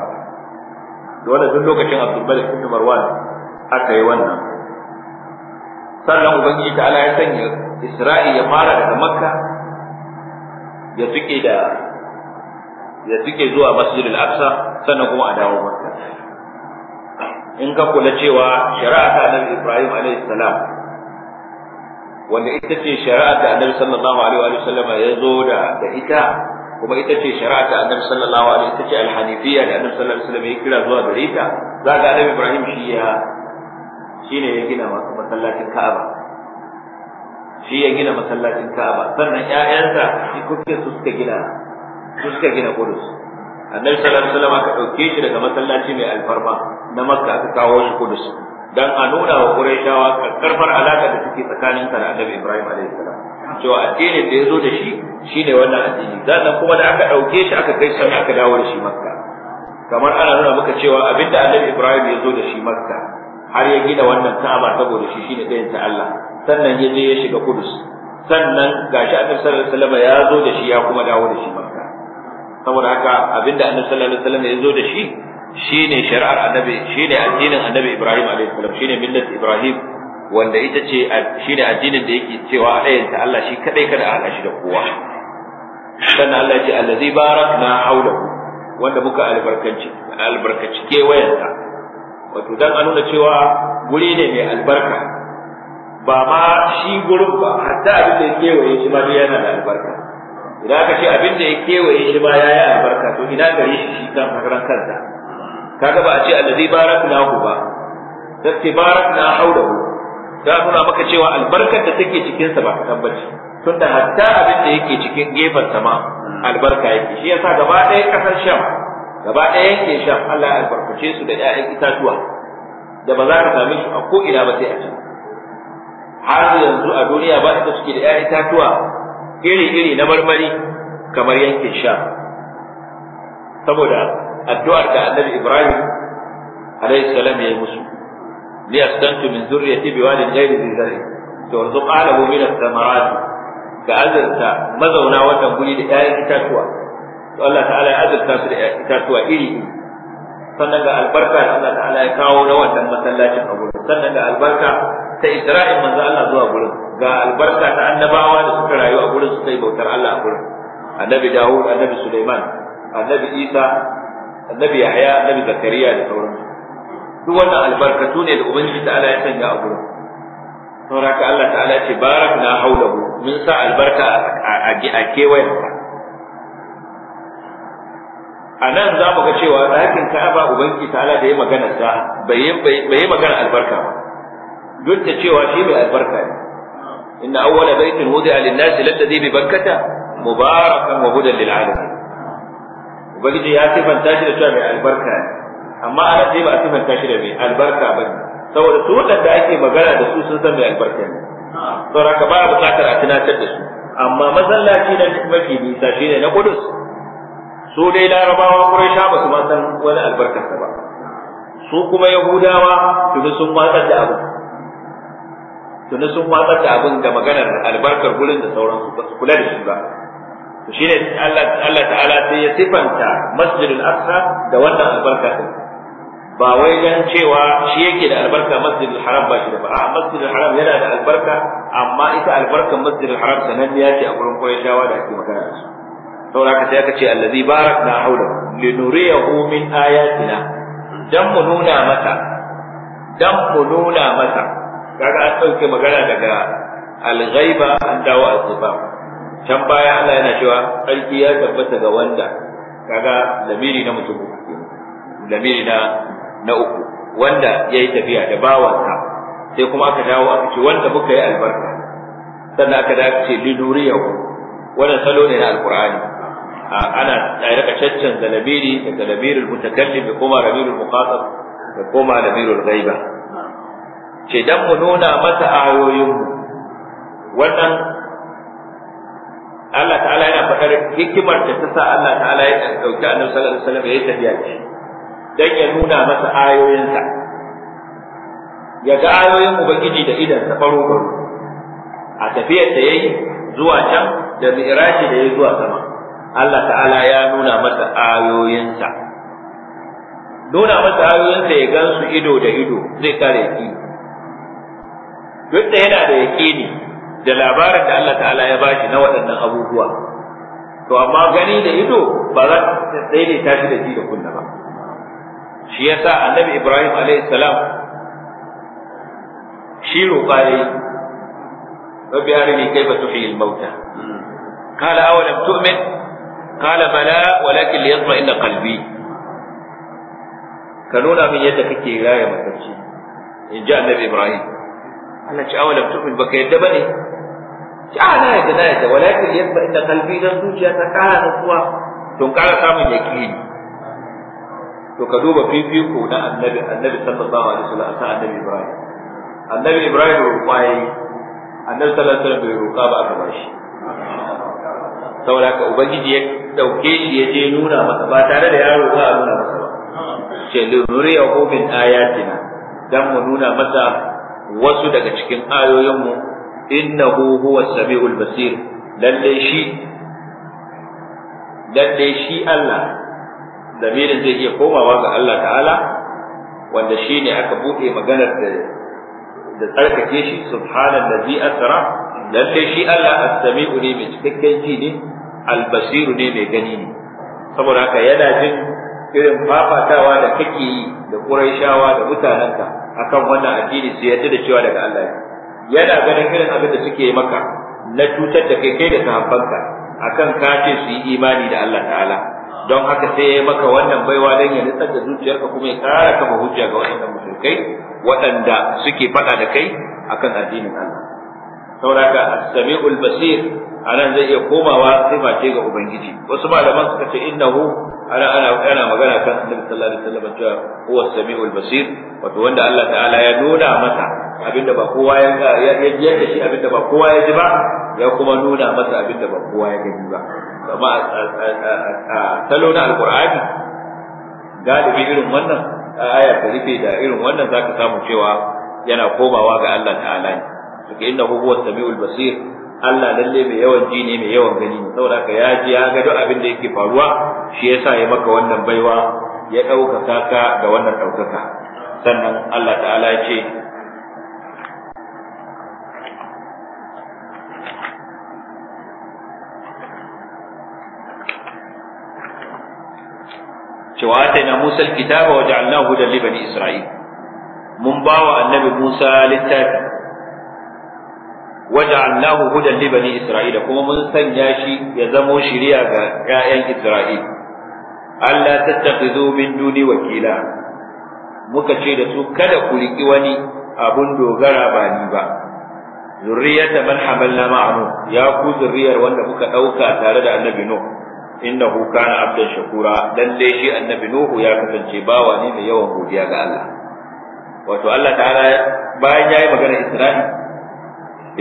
dole duk lokacin Abdul Malik ibn Marwan aka yi wannan sannan ubangiji ala ya sanya Isra'i ya fara daga Makka ya tuke da ya tike zuwa masjidil aqsa sannan kuma a dawo makka in ka kula cewa shari'a ta annabi ibrahim alaihi salam wanda ita ce shari'a da annabi sallallahu alaihi wa sallam ya zo da da ita kuma ita ce shari'a da annabi sallallahu alaihi ita ce alhanifiyya da annabi sallallahu alaihi wasallam ya kira zuwa gare ta za ga annabi ibrahim shi ya shine ya gina masallacin ka'aba shi ya gina masallacin ka'aba sannan ƴaƴansa shi kuke su suka gina su suka gina Kudus. annabi sallallahu alaihi wasallam aka dauke shi daga masallaci mai alfarma na Makka aka kawo shi Kudus dan a nuna wa quraishawa karfar alaka da take tsakanin sa da Annabi Ibrahim alaihi salam cewa addinin da yazo da shi shine wannan addini sannan kuma da aka dauke shi aka kai sai aka dawo da shi Makka kamar ana nuna maka cewa abinda Annabi Ibrahim yazo da shi Makka har ya gina wannan Ka'aba saboda shi shine dayin ta Allah sannan ya je ya shiga Kudus. sannan gashi Annabi sallallahu alaihi wasallam ya zo da shi ya kuma dawo da shi Makka saboda haka abinda annabi sallallahu alaihi wasallam ya zo da shi shine shari'ar annabi shine addinin annabi Ibrahim alaihi salam shine millat Ibrahim wanda ita ce shine addinin da yake cewa ayyan ta Allah shi kadai kada a hada shi da kowa sannan Allah ya ce allazi barakna hawlahu wanda muka albarkanci albarkaci kewayensa wato dan a nuna cewa guri ne mai albarka ba ma shi gurin ba hatta abin da ya kewaye shi ma yana da albarka idan aka ce abin da ya kewaye shi ba ya yi albarka to ina gare shi shi kan karan kansa kaga ba a ce allazi baraknahu ba sai barakna hawlahu da kuma maka cewa albarkar da take cikin sa ba ka tabbaci tunda hatta abin da yake cikin gefen sa ma albarka yake shi yasa gaba ɗaya kasar sham gaba ɗaya yake sham Allah ya albarkace su da ƴaƴan itatuwa da ba za ka same su a ko ina ba sai a can har yanzu a duniya ba inda suke da ƴaƴan itatuwa iri-iri na marmari kamar yankin sha saboda addu'ar da annabi ibrahim alaihi salam ya yi musu liyastantu min zurriyati biwadin ghairi dhi zar'i to wanzu ahlahu min ath-thamarat ka azurta mazauna wannan guri da 'ya'yan itatuwa to Allah ta'ala ya azurta su da 'ya'yan itatuwa iri sannan ga albarka da Allah ta'ala ya kawo na wannan masallacin a gurin sannan ga albarka ta isra'in manzo Allah zuwa gurin ga albarka ta annabawa da suka rayu a gurin su yi bautar Allah a gurin annabi Dawud annabi Sulaiman annabi Isa annabi Yahya annabi Zakariya da sauransu duk wannan albarkatu ne da ubangiji ta Allah ya sanya a gurin saboda Allah ta'ala ce barakna haulahu mun sa albarka a kewayensa a nan za mu ga cewa ɗakin ka'aba ubangi ta'ala da ya magana sa bai yi magana albarka ba duk da cewa shi mai albarka ne إن أول بيت وضع للناس للذي ببكة مباركا وهدى للعالمين ubangiji ya sifanta shi da cewa mai albarka ne amma ana sai a sifanta shi da mai albarka ba saboda su waɗanda ake magana da su sun san mai albarka ne saboda ka ba a buƙatar a tunatar da su amma masallaci na mafi nisa shi ne na kudus su dai larabawa ƙuraisha ba su ma san wani albarkarsa ba su kuma yahudawa tuni sun tuni sun watsar da abin da maganar albarkar gurin da sauransu ba su kula da shi ba to shine Allah ta'ala sai ya sifanta masjidul aqsa da wannan albarka din ba wai dan cewa shi yake da albarka masjidul haram ba shi da ba a masjidul haram yana da albarka amma ita albarkar masjidul haram ya ce a gurin shawa da ake magana da su saboda haka sai aka ce allazi barakna haula linuriyahu min ayatina dan mu nuna mata dan mu nuna mata kaga an ɗauke magana daga alghaiba an dawo al-sifat can baya Allah yana cewa tsarki ya tabbata ga wanda kaga lamiri na mutum lamiri na na uku wanda yayi tafiya da bawansa sai kuma aka dawo aka ce wanda muka yi albarka sannan aka dawo aka ce liduriyahu wannan salo ne na alqur'ani ana a rika caccanza lamiri daga lamirul mutakallim da kuma lamirul muqatab da kuma lamirul ghaiba ce dan mu nuna masa ayoyinmu wannan Allah ta'ala yana faɗar hikimar da ta sa Allah ta'ala ya ɗauki annabi sallallahu alaihi wasallam ya yi tafiya ce dan ya nuna masa ayoyinsa ya ga ayoyin ubangiji da idan ta faro ba a tafiyar da yayi zuwa can da mi'raji da yayi zuwa sama Allah ta'ala ya nuna masa ayoyinsa nuna masa ayoyinsa ya gansu ido da ido zai kare ki duk da yana da yaƙini da labarin da Allah ta'ala ya bashi na waɗannan abubuwa to amma gani da ido ba za ta daidaita shi da ji da kunna ba shi yasa annabi Ibrahim alaihi salam shi roƙa yayi rabbi arini kaifa tuhyi al-mauta qala awalam tu'min qala bala walakin liyatma'inna qalbi ka nuna min yadda kake raya matacce in ji annabi Ibrahim Allah ci awalam tu'min baka yadda bane ci a ah, na yadda na yadda walakin yadda inda kalbi da zuciya ta kara nutsuwa don kara samun yaqini to ka duba fifiko na annabi annabi sallallahu alaihi wasallam akan annabi Ibrahim annabi Ibrahim roƙa yayi annabi sallallahu alaihi wasallam bai roƙa ba aka bashi saboda haka ubangiji ya dauke shi ya je nuna masa ba tare da yaro ba a nuna masa ba ce lurriyahu min ayatina dan mu nuna masa wasu daga cikin ayoyinmu innahu huwa sami'ul basir lalle shi lalle shi Allah lamirin zai iya komawa ga Allah ta'ala wanda shi ne aka buɗe maganar da da tsarkake shi subhanallazi asra lalle shi Allah as-sami'u ne mai cikakken ji ne al-basiru ne mai gani ne saboda haka yana jin irin fafatawa da kake yi da Qurayshawa da mutanenka akan wannan addini su yadda da cewa daga Allah ne yana ganin irin abin da suke maka na cutar da kai kai da sahabbanka akan kace su yi imani da Allah ta'ala don haka sai ya yi maka wannan baiwa don ya nutsar da zuciyarka kuma ya kara kama hujja ga waɗannan musulkai waɗanda suke faɗa da kai akan addinin Allah saboda ka as-sami'ul basir anan zai iya komawa sai ce ga ubangiji wasu malaman suka ce innahu ana ana ana magana kan annabi sallallahu alaihi wasallam cewa huwa samiul basir wato wanda Allah ta'ala ya nuna masa abinda ba kowa ya ga ya yadda shi abinda ba kowa ya ji ba ya kuma nuna masa abinda ba kowa ya gani ba amma salo na alqur'ani galibi irin wannan aya ta rufe da irin wannan zaka samu cewa yana komawa ga Allah ta'ala ne innahu huwa samiul basir Allah lalle mai yawan ji ne mai yawan gani saboda ka ya ji ya ga abin da yake faruwa shi yasa ya maka wannan baiwa ya dauka saka ga wannan ɗaukaka sannan Allah ta'ala ya ce cewa na Musa alkitaba wa ja'alnahu hudan li bani Isra'il mun bawa annabi Musa littafi waja'alnahu hudan li bani isra'ila kuma mun sanya shi ya zamo shiriya ga 'ya'yan isra'ila Allah tattakhidhu min duni wakila muka ce da su kada ku riki wani abun dogara ba ni ba zurriyata man hamalna ma'anu ya ku zurriyar wanda muka dauka tare da annabi nuh innahu kana abdan shakura dan dai shi annabi nuhu ya kasance bawa ne mai yawan godiya ga Allah wato Allah ta'ala bayan yayi magana isra'ila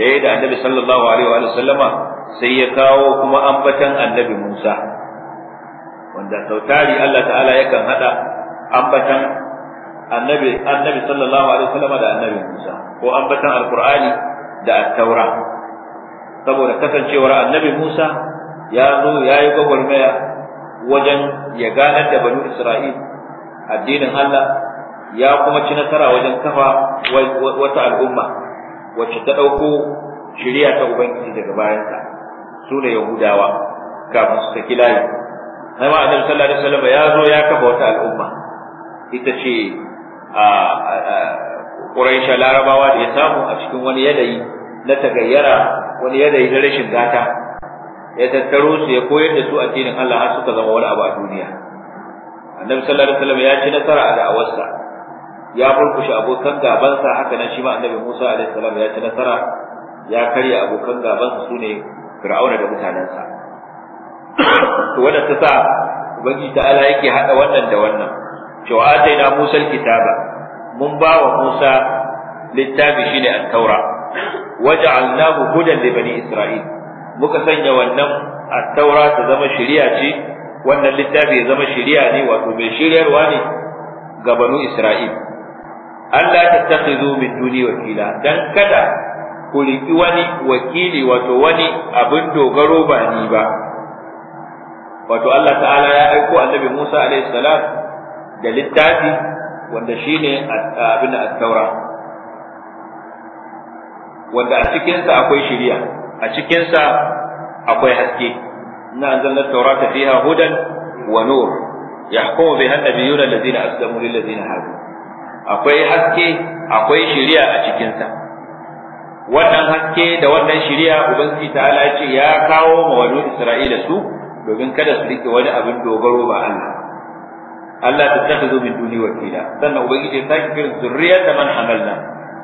da yayi da annabi sallallahu alaihi wa sallama sai ya kawo kuma ambatan annabi Musa wanda sautari Allah ta'ala yakan hada ambatan annabi annabi sallallahu alaihi wa sallama da annabi Musa ko ambatan alqur'ani da at-taura saboda kasancewar annabi Musa ya zo ya yi gwagwarmaya wajen ya ganar da banu Isra'il addinin Allah ya kuma ci nasara wajen kafa wata al'umma wacce ta ɗauko shirya ta ubangiji daga bayansa su ne yahudawa kafin su saki layi nama annabi sallallahu alaihi wasallam ya zo ya kafa wata al'umma ita ce a Quraisha larabawa da ya samu a cikin wani yanayi na tagayyara wani yanayi na rashin gata ya tattaro su ya koyar da su addinin Allah har suka zama wani abu a duniya annabi sallallahu alaihi wasallam ya ci nasara a da'awarsa ya burkushe abokan gabansa haka nan shi ma annabi Musa alaihi salam ya ci nasara ya karya abokan gabansa sune Fir'auna da mutanensa to wannan ta sa ta ta'ala yake hada wannan da wannan cewa ataina Musa alkitaba mun ba wa Musa littafi shine at-taura waja'alnahu hudan li bani isra'il muka sanya wannan at-taura ta zama shari'a ce wannan littafi ya zama shari'a ne wato mai shiryarwa ne ga banu isra'il Allah ta takhidhu min duni wakila don kada ku riki wani wakili wato wani abin dogaro ba ni ba wato Allah ta'ala ya aiko annabi Musa alaihi salam da littafi wanda shi shine abin at-taura wanda a cikinsa akwai shari'a a cikinsa akwai haske na anzalna at-taurata fiha hudan wa nur yahkumu biha da nabiyyuna alladhina aslamu lil-ladhina hadu akwai haske akwai shiriya a cikinsa wannan haske da wannan shiriya ubangiji ta'ala ce ya kawo ma wani isra'ila su domin kada su rike wani abin dogaro ba Allah Allah ta tattazo min duni wakila sannan ubangiji ya saki kiran zurriyata man hamalna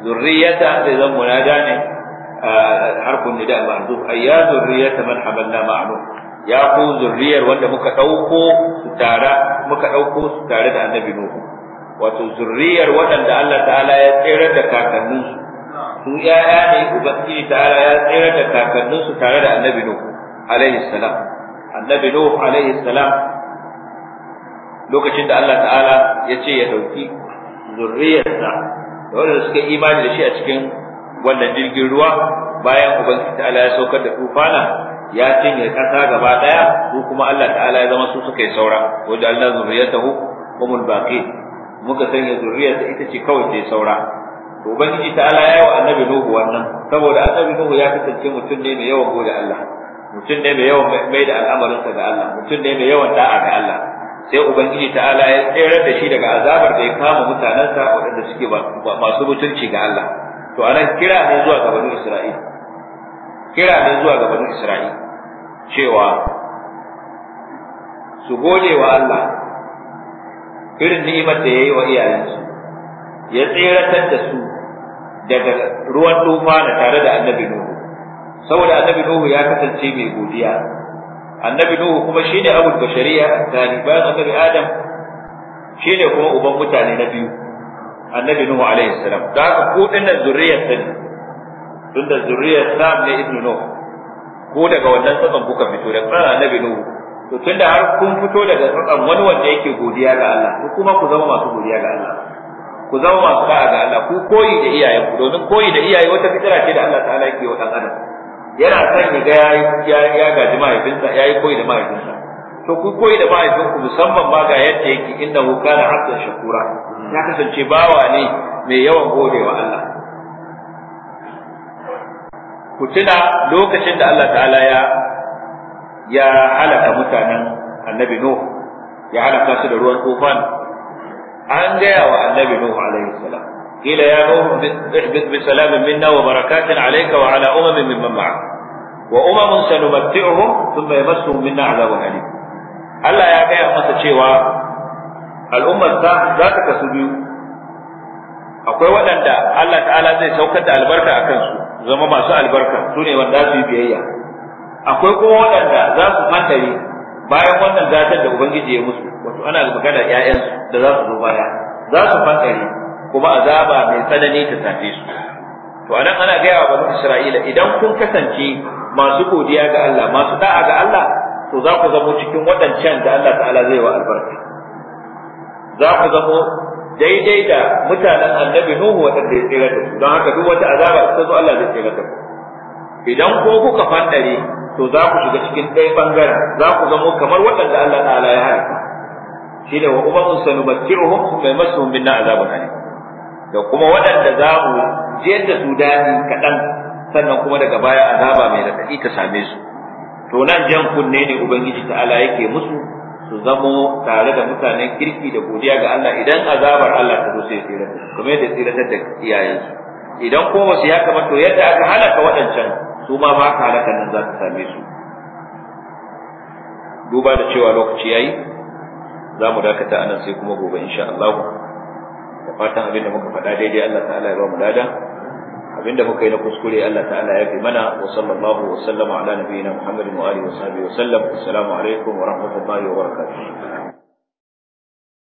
zurriyata da zan munada ne ni nida ma'zuf ayya zurriyata man hamalna ma'ruf ya ku zurriyar wanda muka dauko su tara muka dauko su tare da annabi nuhu wato zurriyar waɗanda Allah ta'ala ya tsere da kakanninsu su ya'ya ne ubangiji ta'ala ya tsere da kakanninsu tare da annabi nuh alaihi salam annabi nuh alaihi salam lokacin da Allah ta'ala ya ce ya dauki zurriyarsa da wanda suka imani da shi a cikin wannan jirgin ruwa bayan ubangiji ta'ala ya saukar da tufana ya cinye kasa gaba daya su kuma Allah ta'ala ya zama su suka yi saura wajen Allah zurriyatahu humul baqi muka sanya ta ita ce kawai sai saura to ubangiji ta ya wa annabi nuhu wannan saboda annabi nuhu ya kasance mutum ne mai yawan gode Allah mutum ne mai yawan mai da al'amarinsa ga Allah mutum ne mai yawan da'a ga Allah sai ubangiji ala ya tsere da shi daga azabar da ya kama mutanensa waɗanda suke masu mutunci ga Allah to anan kira ne zuwa ga banu Isra'il kira ne zuwa ga banu Isra'il cewa su gode wa Allah irin ni'imar da ya yi wa iyayensu ya tseratar da su daga ruwan tufana tare da annabi nuhu saboda annabi nuhu ya kasance mai godiya annabi nuhu kuma shi ne shine abul bashariya tsani bayan annabi adam Shi ne kuma uban mutane na biyu annabi nuhu alaihi salam da haka ku dinnan zuriyar sa ne tunda zuriyar sam ne ibnu nuhu ko daga wannan tsatsan kuka fito da kana annabi nuhu to tunda har kun fito daga tsatsan wani wanda yake godiya ga Allah to kuma ku zama masu godiya ga Allah ku zama masu da'a ga Allah ku koyi da iyaye ku domin koyi da iyaye wata fitira ce da Allah ta'ala yake wa dan adam yana son ya ga ya ya gaji mahaifinsa yayi koyi da mahaifinsa to ku koyi da mahaifinku musamman ma ga yadda yake innahu kana abdan shakura ya kasance bawa ne mai yawan godewa Allah ku tuna lokacin da Allah ta'ala ya ya halaka mutanen annabi nuhu. ya halaka su da ruwan tufan an gaya wa annabi nuh alaihi salam qila ya nuh ihbit bi salamin minna wa barakatin alayka wa ala umamin mimman ma'ak wa umamun sanumatti'uhum thumma yamassuhum minna adhabun alim Allah ya gaya masa cewa al'ummar ta za ta kasu biyu akwai waɗanda Allah ta'ala zai saukar da albarka a kansu zama masu albarka su ne wanda su yi biyayya akwai kuma waɗanda za su mantare bayan wannan zatar da ubangiji ya musu wato ana magana ƴaƴan da za su zo baya za su fantare kuma azaba mai tsanani ta tafe su to anan ana gaya wa banu isra'ila idan kun kasance masu godiya ga Allah masu da'a ga Allah to za ku zamo cikin waɗancan da Allah ta'ala zai wa albarka za ku zamo daidai da mutanen annabi Nuhu waɗanda ya tsira da su don haka duk wata azaba ta zo Allah zai tsira da ku idan ko kuka fandare to za ku shiga cikin ɗaya bangaren za ku zamo kamar waɗanda Allah ta'ala ya halitta shi ne wa uba sanu umamun sanubakkiruhum thumma yamassuhum minna azabun ne da kuma waɗanda za mu je da su dani kaɗan sannan kuma daga baya azaba mai raɗaɗi ta same su to nan jan kunne ne ubangiji ta'ala yake musu su zamo tare da mutanen kirki da godiya ga Allah idan azabar Allah ta zo sai tsira kuma yadda tsira ta da iyayensu idan kuma su ya kamata yadda aka halaka waɗancan su ma ba ka halaka nan za ka same su duba da cewa lokaci yayi za mu dakata anan sai kuma gobe insha Allah da fatan abin da muka faɗa daidai Allah ta'ala ya ba mu lada abinda muka yi na kuskure Allah ta'ala ya fi mana wa sallallahu wa sallama ala nabiyina Muhammadin wa alihi wa sahbihi wa sallam assalamu alaikum wa rahmatullahi wa barakatuh